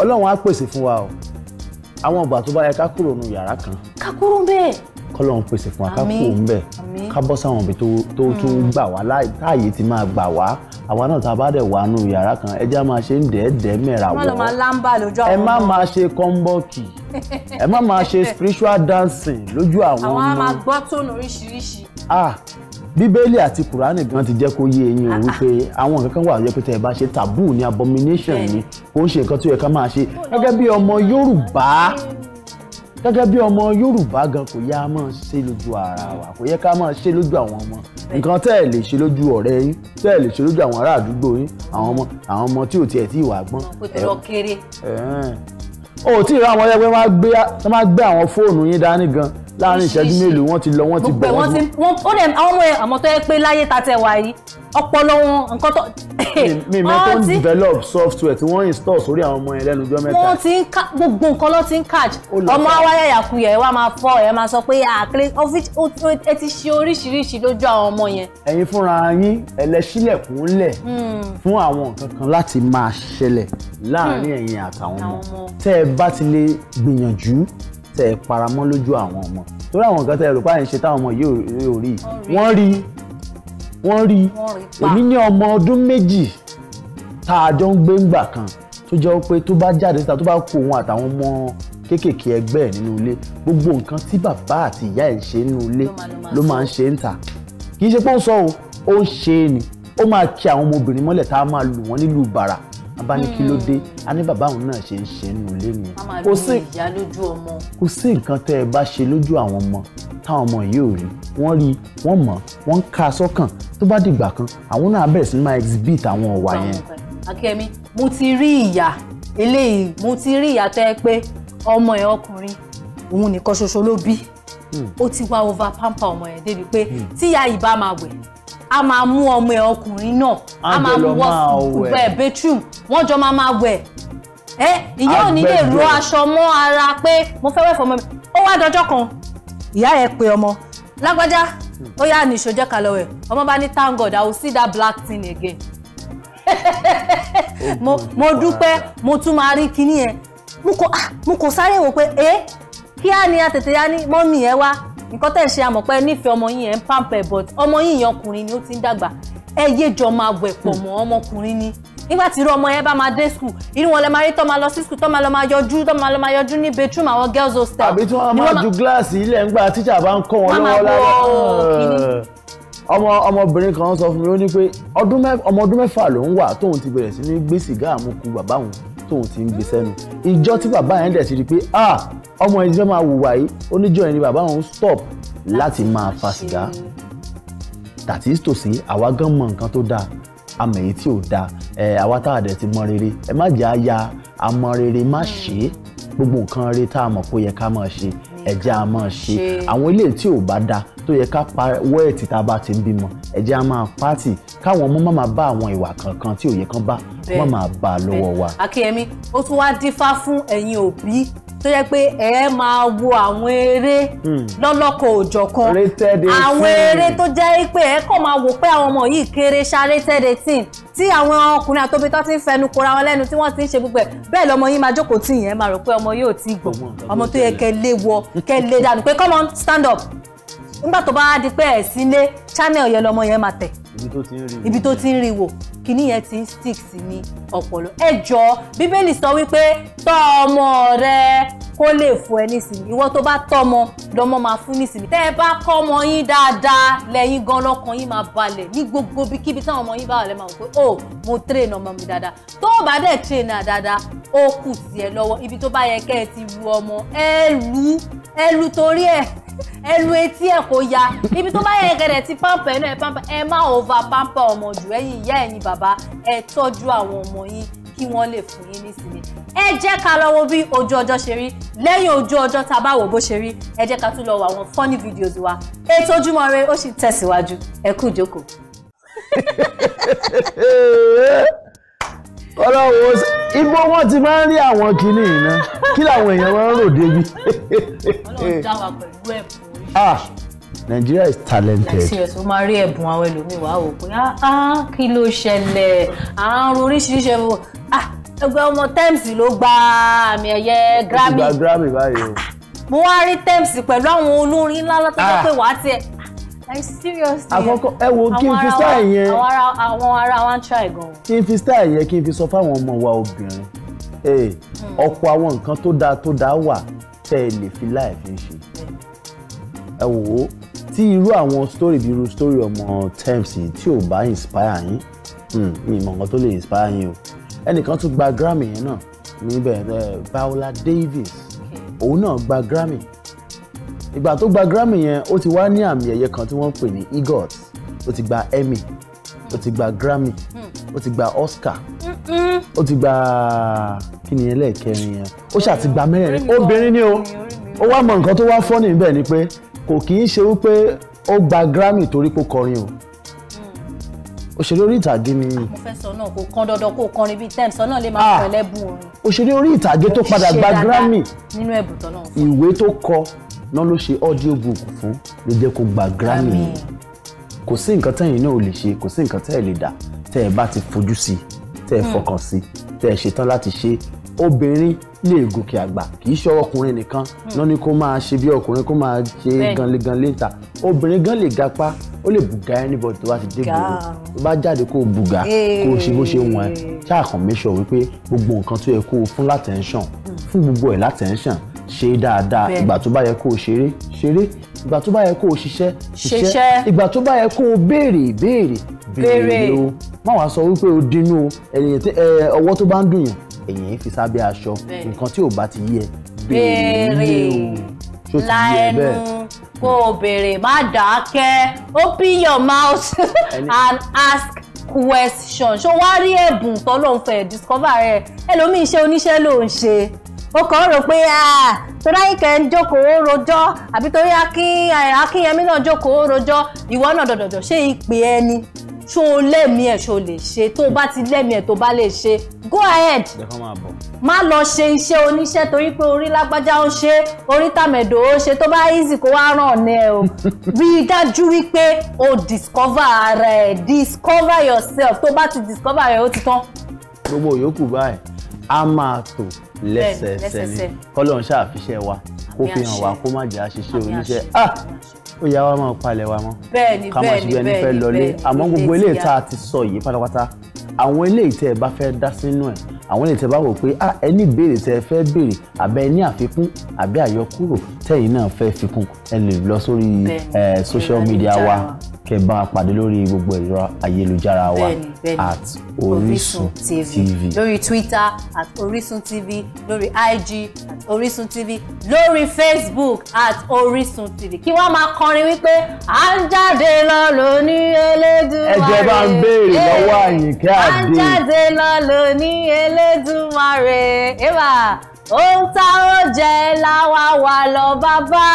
ọlọ́run á pèsè fún wa o àwọn ìgbà tó bá yẹ ká kúrò nù yàrá kan. ká kúrò bẹ́ẹ̀ kọ́lọ́run pèsè fún wa ká kú òun bẹ̀ ká bọ́ sáwọn ibi tó tó hmm. gbà wá láàyè tí máa gbà wá àwa náà tá a bá dẹ̀ wà nù yàrá kan ẹja máa ṣe ń dẹ́ẹ̀dẹ́ mẹ́ra wọ́ ẹ má máa ṣe kọ́ńbọ́ọ̀kì ẹ má máa ṣe spiritual dancing lójú àwọn ọmọ àwọn á máa gbọ́ tóun oríṣiríṣi. ah bíbélì àti kùránì gan ti jẹ́ kó yé eyín o ah, ah, ah. wípé àwọn nǹkan kan wà yẹ pé tẹ́ ẹ bá ṣe taboo ni abomination ni kò ń ṣe nǹkan tó yẹ ká máa ṣe gẹ́gẹ́ bí ọmọ Yorùbá hmm gẹ́gẹ́ bí ọmọ Yorùbá gan kò yẹ a máa ṣe lójú ara wa kò yẹ ká máa ṣe lójú àwọn ọmọ nǹkan tẹ́ ẹ̀ lè ṣe lójú ọ̀rẹ́ yín tẹ́ ẹ̀ lè ṣe lójú àwọn ará àdúgbò yín àwọn ọmọ àwọn ọmọ tí ò tiẹ̀ tí ìwà gbọ́n. kò tẹ̀lé ọkẹrẹ. o ò tí ì rá àwọn ẹgbẹ́ máa gbé àwọn fóònù yín dání gan láàrin ìṣẹ́jú mélòó wọ́n ti lọ wọ́n ti bọ̀ wọ́n ti. ó dẹ̀ àwọn ọmọ ẹ̀ àmọ́ tó yẹ pé láyé ta tẹ̀ wá yìí ọpọlọ wọn nǹkan tó. mi mi tó ń develop software tí wọ́n install sórí àwọn ọmọ yẹn lẹ́nu ọjọ́ mẹ́ta. wọ́n ti ń ká gbogbo nǹkan ló ti ń catch ọmọ awáyà yàkuyà ẹ wá máa fọ ẹ máa sọ pé àkèrè ẹ ti ṣe oríṣiríṣi lójú àwọn ọmọ yẹn. ẹ̀yin fúnra yín ẹlẹ́sílẹ̀kùn lẹ̀ hmm. fún àwọn nǹkan kan láti máa ṣẹlẹ̀ láàrin hmm. ẹ̀yin àtàwọn ọmọ tẹ́ ẹ bá ti lè gbìyànjú tẹ́ ẹ paramọ́ lójú àwọn ọmọ torí àwọn nǹkan tẹ́ ẹ rò pa ẹ̀ ń ṣe táwọn ọmọ yìí ò rí wọ́n rí wọ́n rí èmi ní ọmọ ọdún méjì tá a jọ ń gbé ńgbà kan tó jẹ́ pé tó bá jáde síta tó bá kó òun àtàwọn ọmọ kéékèèké ẹgbẹ́ ẹ̀ nínú ilé gbogbo nǹkan tí bàbá àti ìyá ẹ̀ ń ṣe nínú ilé ló máa ń ṣe ń ta kì í ṣe pé o ó ń ṣe é ni ó máa kí àwọn ọmọbìnrin mọ́lẹ̀ tá a máa lù wọ́n nílùú bàrà abánikílódé hmm. a ní bàbá òun náà ṣe ń ṣe nù ni. kò sí ìyá lójú ọmọ. kò sí nǹkan tẹ́ ẹ bá ṣe lójú àwọn ọmọ táwọn ọmọ yìí ò rí wọ́n rí wọ́n mọ̀ wọ́n ń ká a sọ́kàn tó bá dìgbà kan àwọn náà bẹ̀rẹ̀ sí máa exhibit àwọn ọ̀wà yẹn. akẹ́mi mo ti rí ìyá eléyìí mo ti rí ìyá tẹ́ pé ọmọ ẹ̀ ọkùnrin òun nìkan ṣoṣo ló bí hmm. ó ti wá over pamper ọmọ yẹn débi pé hmm. tíyá ìbá máa wẹ̀ a máa mú ọmọ ẹ ọkùnrin náà a máa mú wẹ̀ bathroom wọ́n jọ máa máa wẹ̀ ẹ ìyá ò ní lè ro aṣọ mọ́ ara pé mo fẹ́ wẹ̀ fọmọ mi ó wá dọjọ́ kan ìyá ẹ pé ọmọ lágbájá ó yá nìṣó jẹ́ ká lọ wẹ̀ ọmọ bá ní thank God I will see that black thing again oh, mo mo dúpẹ́ mo tún máa rí kinní yẹn mo kò ah, sáré wò pé ẹ kíá ni a tètè yá ní mọ́mì ẹ wá nǹkan tẹ̀ ṣe àmọ̀ pé nífẹ̀ẹ́ ọmọ yín ẹ̀ ń pàmpẹ́ but ọmọ yín yẹn ọkùnrin ni ó ti ń dàgbà ẹ yé máa wẹ̀ pọ̀ mọ́ ọmọkùnrin ni nígbà tí irú ọmọ yẹn bá máa dé skul irú wọn lè máa rí tó máa lọ sí skul tó máa lọ máa yọjú tó máa lọ máa yọjú ní bedroom àwọn girls hostel. àbí tí wọ́n máa ju gíláàsì ilẹ̀ ńgbà tíṣà bá ń kọ́ wọn lọ́wọ́ lára ọmọ ọmọbìnrin kan sọ fún mi ó ní pé ọmọ ọdún mẹ́fà ló wà tóun ti bẹ̀rẹ̀ sí ní gbé sìgá àmukù bàbá òun tóun ti ń gbé sẹ́nu ìjọ tí bàbá yẹn dẹ̀ ti rí pé ah ọmọ ẹni tí wọ́n máa wùwà yìí oníjọ yẹn ni bàbá òun stop láti máa fa sìgá tàtí tòsí àwa gan mọ nǹkan tó dáa àmọ̀ èyí tí ò dáa ẹ̀ àwa tá dẹ̀ ti mọ rere ẹ má jẹ́ àyà àmọ rere má ṣe é gbogbo nǹkan rere tá a mọ̀ kó yẹ ká máa ṣe ẹ a máa ṣe àwọn ilé tí ò bá dáa tó yẹ ká pawọ́ ẹ̀ títà bá ti ń bímọ ẹ jẹ́ á máa pàtì káwọn ọmọ má máa bá àwọn ìwà kankan tí ò yẹ kán bá má máa bá a lọ́wọ́ wa. akínyẹmí ó tún wá dífá fún ẹ̀yin òbí tó yẹ pé ẹ máa wo àwọn eré hmm. lọ́lọ́kọ̀ òjọ̀kan àwọn eré tó jẹ́ pé ẹ kàn máa wò pé àwọn ọmọ yìí kéré rated eighteen tí àwọn ọkùnrin àtòbí tó ti ń fẹnu kora wọn lẹ́nu tí wọ́n ti ń ṣe gbogbo ẹ̀ bẹ́ẹ̀ lọmọ yìí máa jókòó tì yẹn máa rò pé ọmọ yóò ti gbọ̀n ọmọ tó yẹ kẹ́ lé wọ kẹ́ lé dànù pé come on stand up nígbà tó bá di pé ẹ̀ sílé channel yẹn lọmọ yẹn máa tẹ̀ ibi tó ti ń rí wò kíní yẹn ti ń stick sí ní ọpọlọ ẹ jọ bíbélì sọ wípé tọ́ ọmọ rẹ kó lè fún ẹ nísìnyí ìwọ tó bá tọ́mọ lọ́mọ máa fún nísìnyí tẹ́ ẹ bá kọ́ ọmọ yín dáadáa lẹ́yìn gan lọ́kàn yín máa balẹ̀ ní gbogbo ibikíbi táwọn ọmọ yín bá wà lẹ́ máa wò pé o oh, mo train ọmọ mi dáadáa tó o bá dẹ̀ train náà dáadáa ó kù sí ẹ lọ́wọ́ ibi tó bá yẹ kẹ́ ẹ ti lu ọmọ ẹ lu ẹ lu torí ẹ ẹ lu etí ẹ kó ya ibi tó bá yẹ kẹ́ ẹ ti pamper náà ẹ pamper ẹ má ò cover pamper ọmọ jù ẹ̀yin ìyá ẹ̀yin bàbá ẹ tọ́jú àwọn ọmọ yín kí wọ́n lè fún yín nísìnyí ẹ jẹ́ ká lọ bí ojú ọjọ́ ṣe rí lẹ́yìn ojú ọjọ́ tá a bá wò bó ṣe rí ẹ jẹ́ ká tún lọ wo àwọn funny videos wa ètò Ojúmọ́ Ire ó sì tẹ̀síwájú ẹ kú ìjókòó. ọlọ́wọ́ igbó wọn ti máa ń rí àwọn kinní yìí kí làwọn èèyàn máa ń rò débi. ọlọ́run dá wa pẹ̀lú ẹ̀bùn orí. Nigeria is talented. Like serious, o máa rí ẹ̀bùn àwọn ẹlòmíì wá wò pé ah, ah kí ló ṣẹlẹ̀ àrùn oríṣiríṣi ẹ̀bùn ah ẹgbẹ́ ọmọ Tems ló gba àmì ẹ̀yẹ Grammy. Ó ti gba Grammy báyìí o. Ah, mo wá rí Tems pẹ̀lú àwọn olórin ńlá lọ́tọ́jọ́ pé ah. wàá tiẹ̀ like seriously. àkọ́kọ́ ẹ wo kí n fi style yẹn. àwọn ará àwọn ará wa ń try gan. kí n fi style yẹn kí n fi sọ fáwọn ọmọ wa obìnrin eh, hmm. ọ̀pọ̀ àwọn nǹkan tó dáa tó dáa wà tẹ́ ẹ lè fi láìfi ṣe hmm. ẹ wò ó tí irú àwọn story bí irú story ọmọ Tems yìí tí ò bá inspire yín hmm, mi ìmọ̀ nǹkan tó lè inspire yín o ẹnìkan tún gba Grammy yẹn náà níbẹ̀ eh, Viola Davis òun náà gba Grammy ìgbà tó gba Grammy yẹn ó ti wá ní àmì ẹ̀yẹ kan tí wọ́n pè ní EGOT ó ti gba Emmy ó ti gba Grammy hmm. ó ti gba Oscar ó ti gba kí ni ẹlẹ́ẹ̀kẹrin yẹn ó ṣáà ti gba mẹ́rin obìnrin ni o ó wá mọ nǹkan tó wá fọ́ níbẹ̀ ni pé kò kì í ṣe wípé ó gba Grammy torí pé kọrin o hmm. òṣèré orí ìtàgé ni. àkọfẹsọ náà kò kan dandan kó kọrin bíi tẹmsọ náà lè máa pẹlẹ ah! bù wọn. òṣèré orí ìtàgé tó padà gba Grammy nínú ẹ̀bùn tọ́nà fún. ìwé tó kọ náà ló ṣe audiobook fún ló jẹ́ kó gba Grammy kò sí nǹkan tẹ́yìn náà ò lè ṣe kò sí nǹkan tẹ́ ẹ̀ lè dà tẹ́ ẹ bá ti fojú sí tẹ́ ẹ hmm. fọkàn sí tẹ́ ẹ ṣetán láti ṣe obìnrin lè gòkè àgbà kì í ṣe ọkùnrin nìkan ló ní kó máa ṣe bí ọkùnrin kó máa ṣe ganleganle ta obìnrin gan lè gapá ó lè bùgá anybody tó bá ti dé gbòòrò tó bá jáde kó bùgá kó ṣe bó ṣe wọn ẹ ṣáàkàn mẹ́sọ̀ wípé gbogbo nǹkan tó yẹ kó o fún látẹ̀ńṣàn hmm. fún gbogbo ẹ̀ látẹ̀ńṣàn ṣe dáadáa ìgbà tó bá yẹ kó o ṣeré ṣeré ìgbà tó bá yẹ kó o ṣiṣẹ́ ṣiṣẹ́ ìgbà tó bá yẹ kó o béèrè béèrè béèrè o má wàá sọ wípé o dínú ẹ̀yìn ọwọ́ tó bá ń dùn yàn ẹ̀yìn yìí fi sábẹ́ aṣọ nǹkan tí ò bá ti yẹ béèrè o la ẹnu kó o béèrè má dákẹ́ open your mouth and ask question ṣó wá rí ẹ̀bùn tọ́lọ́hún fẹ́ discover ẹ̀ ẹlòmíì iṣẹ́ oníṣẹ́ ló ń ṣe ó kàn rò pé torí àyíkẹ́ ń jókòó rojọ́ àbí torí akínyẹmí náà jókòó rojọ́ ìwọ náà dọ̀dọ̀dọ̀ ṣé ìpè ẹni ṣó o lẹ́mí ẹ̀ ṣó o lè ṣe tó o bá ti lẹ́mí ẹ̀ tó o bá lè ṣe go ahead má lọ ṣe iṣẹ́ oníṣẹ́ torí pé orí lágbájá ó ṣe orí tàmẹ̀dò ó ṣe tó bá easy kó wá ràn ọ̀nà ẹ̀ o rí i dájú wípé o discover ara ẹ̀ discover yourself tó o bá ti discover ẹ̀ ó ti tán. gbogbo yòókù báyìí a máa tò lẹ́sẹẹsẹ ni kọ́lọ́n ṣáà fiṣẹ́ wa kó fi hàn wá kó má jẹ́ àṣìṣe oníṣẹ́ ah ó yá wa máa palẹ̀ wa mọ́ bẹ́ẹ̀ni bẹ́ẹ̀ni bẹ́ẹ̀ni bẹ́ẹ̀ni lọlé àmọ́ gbogbo eléyìí tá a ti sọ yìí pátápátá àwọn eléyìí tẹ́ ẹ bá fẹ́ dá sínú ẹ̀ àwọn eléyìí tẹ́ bá wò pé ah ẹni béèrè tẹ́ ẹ fẹ́ béèrè àbẹ́ ẹni àfikún àbẹ́ àyọkúrò tẹ́yìn náà fẹ́ fikún ẹ lè lọ sórí social media wa kẹ́ bá a pàdé lórí gbogbo ẹ̀rọ ayélujára wa at Orisun TV. TV lórí Twitter at Orisun TV lórí IG at Orisun TV lórí Facebook at Orisun TV kí wọ́n máa kọrin wípé à ń jáde lọ lóní Elédùmarè. ẹ jẹ́ bá ń béèrè lọ́wọ́ Àyìnkẹ́ Àdé. à ń jáde lọ lóní Elédùmarè. ẹ ohun tá ó jẹ láwa wà lọ bàbá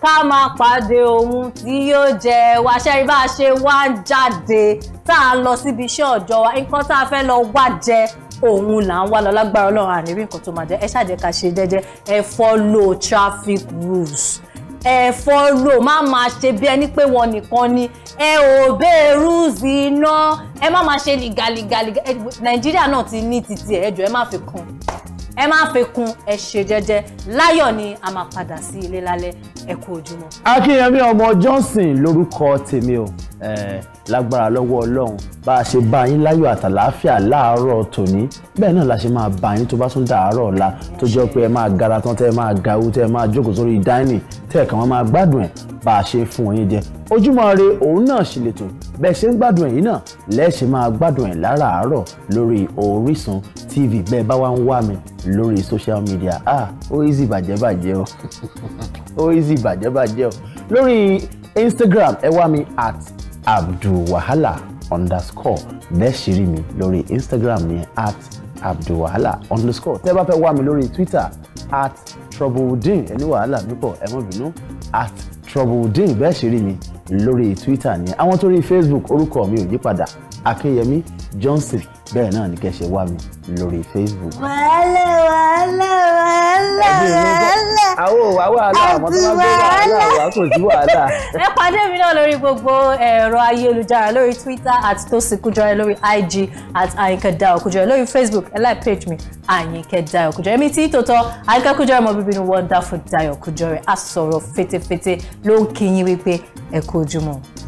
ká máa pàdé ohun tí yóò jẹ wá ṣẹ́rí bá a ṣe wá jáde tá a lọ síbi iṣẹ́ ọ̀jọ́ wa nǹkan tá a fẹ́ lọ wá jẹ òun là ń wá lọ lágbára ọlọ́run àníbí nǹkan tó máa jẹ ẹ ṣàjẹ́ ká ṣe jẹ́jẹ́ ẹ follow traffic rules ẹ follow má máa ṣe bí ẹni pé wọn nìkan ni ẹ obey rules iná ẹ má máa ṣe nìgaligaliga nàìjíríà náà ti ní titi ẹ jọ ẹ má fi kàn ẹ má fi kún ẹ ṣe jẹ́jẹ́ láyọ̀ ni a máa padà sí ilé lálẹ́ ẹ kú ojúmọ́. akínyẹmí ọmọ johnson lórúkọ tèmi o lágbára lọ́wọ́ ọlọ́run bá a ṣe bá yín láyọ̀ àtàláfíà láàárọ̀ tòní bẹ́ẹ̀ náà la ṣe máa bá yín tó bá tún dàárọ̀ ọ̀la tó jẹ́ pé ẹ máa gara tán tẹ́ ẹ máa ga ewu tẹ́ ẹ máa jókòó sórí dáínì tẹ́ ẹ kàn máa gbádùn ẹ̀ bá a ṣe fún yín jẹ ojúmọ́ ire òun náà sì lè tò bẹ́ẹ̀ ṣe ń gbádùn ẹ̀yìn náà lẹ́ẹ̀ṣẹ̀ máa gbádùn ẹ̀ láràárọ̀ lórí Orísun TV bẹ́ẹ̀ bá wá ń wá mi lórí social media ah ó easy bàjẹ́ bàjẹ́ o ó easy bàjẹ́ bàjẹ́ o lórí Instagram ẹ wá mi at abdulwahala underscore bẹ́ẹ̀ ṣì rí mi lórí instagram ní at abdulwahala underscore tẹ́ bá fẹ́ wá mi lórí twitter at troubledin ẹni wàhálà mi pọ̀ ẹ bínú at troubledin bẹ́ẹ̀ ṣì rí mi lórí twitter ni. àwọn tó rí facebook orúkọ mi ò yí padà akínyẹmí johnson bẹ́ẹ̀ náà ni kẹ́sẹ̀ wá mi lórí facebook. wàhálà wàhálà wàhálà wàhálà àwọn ò wá wàhálà àmọ́ tó bá gbé wàhálà wà kò sí wàhálà. ẹ pàdé mi náà lórí gbogbo eh, ẹ̀rọ ayélujára lórí twitter àti Tosin Kujore lórí ig at Ayinke Dao Kujore lórí facebook ẹ like page mi Ayinke Dao Kujore mi tí tòótọ́ Ayinke Kujore mọ bíbí ni wonderful Dao Kujore àsọ̀rọ̀ fetefete ló ń kí yín wípé ẹ kú ojúmọ́.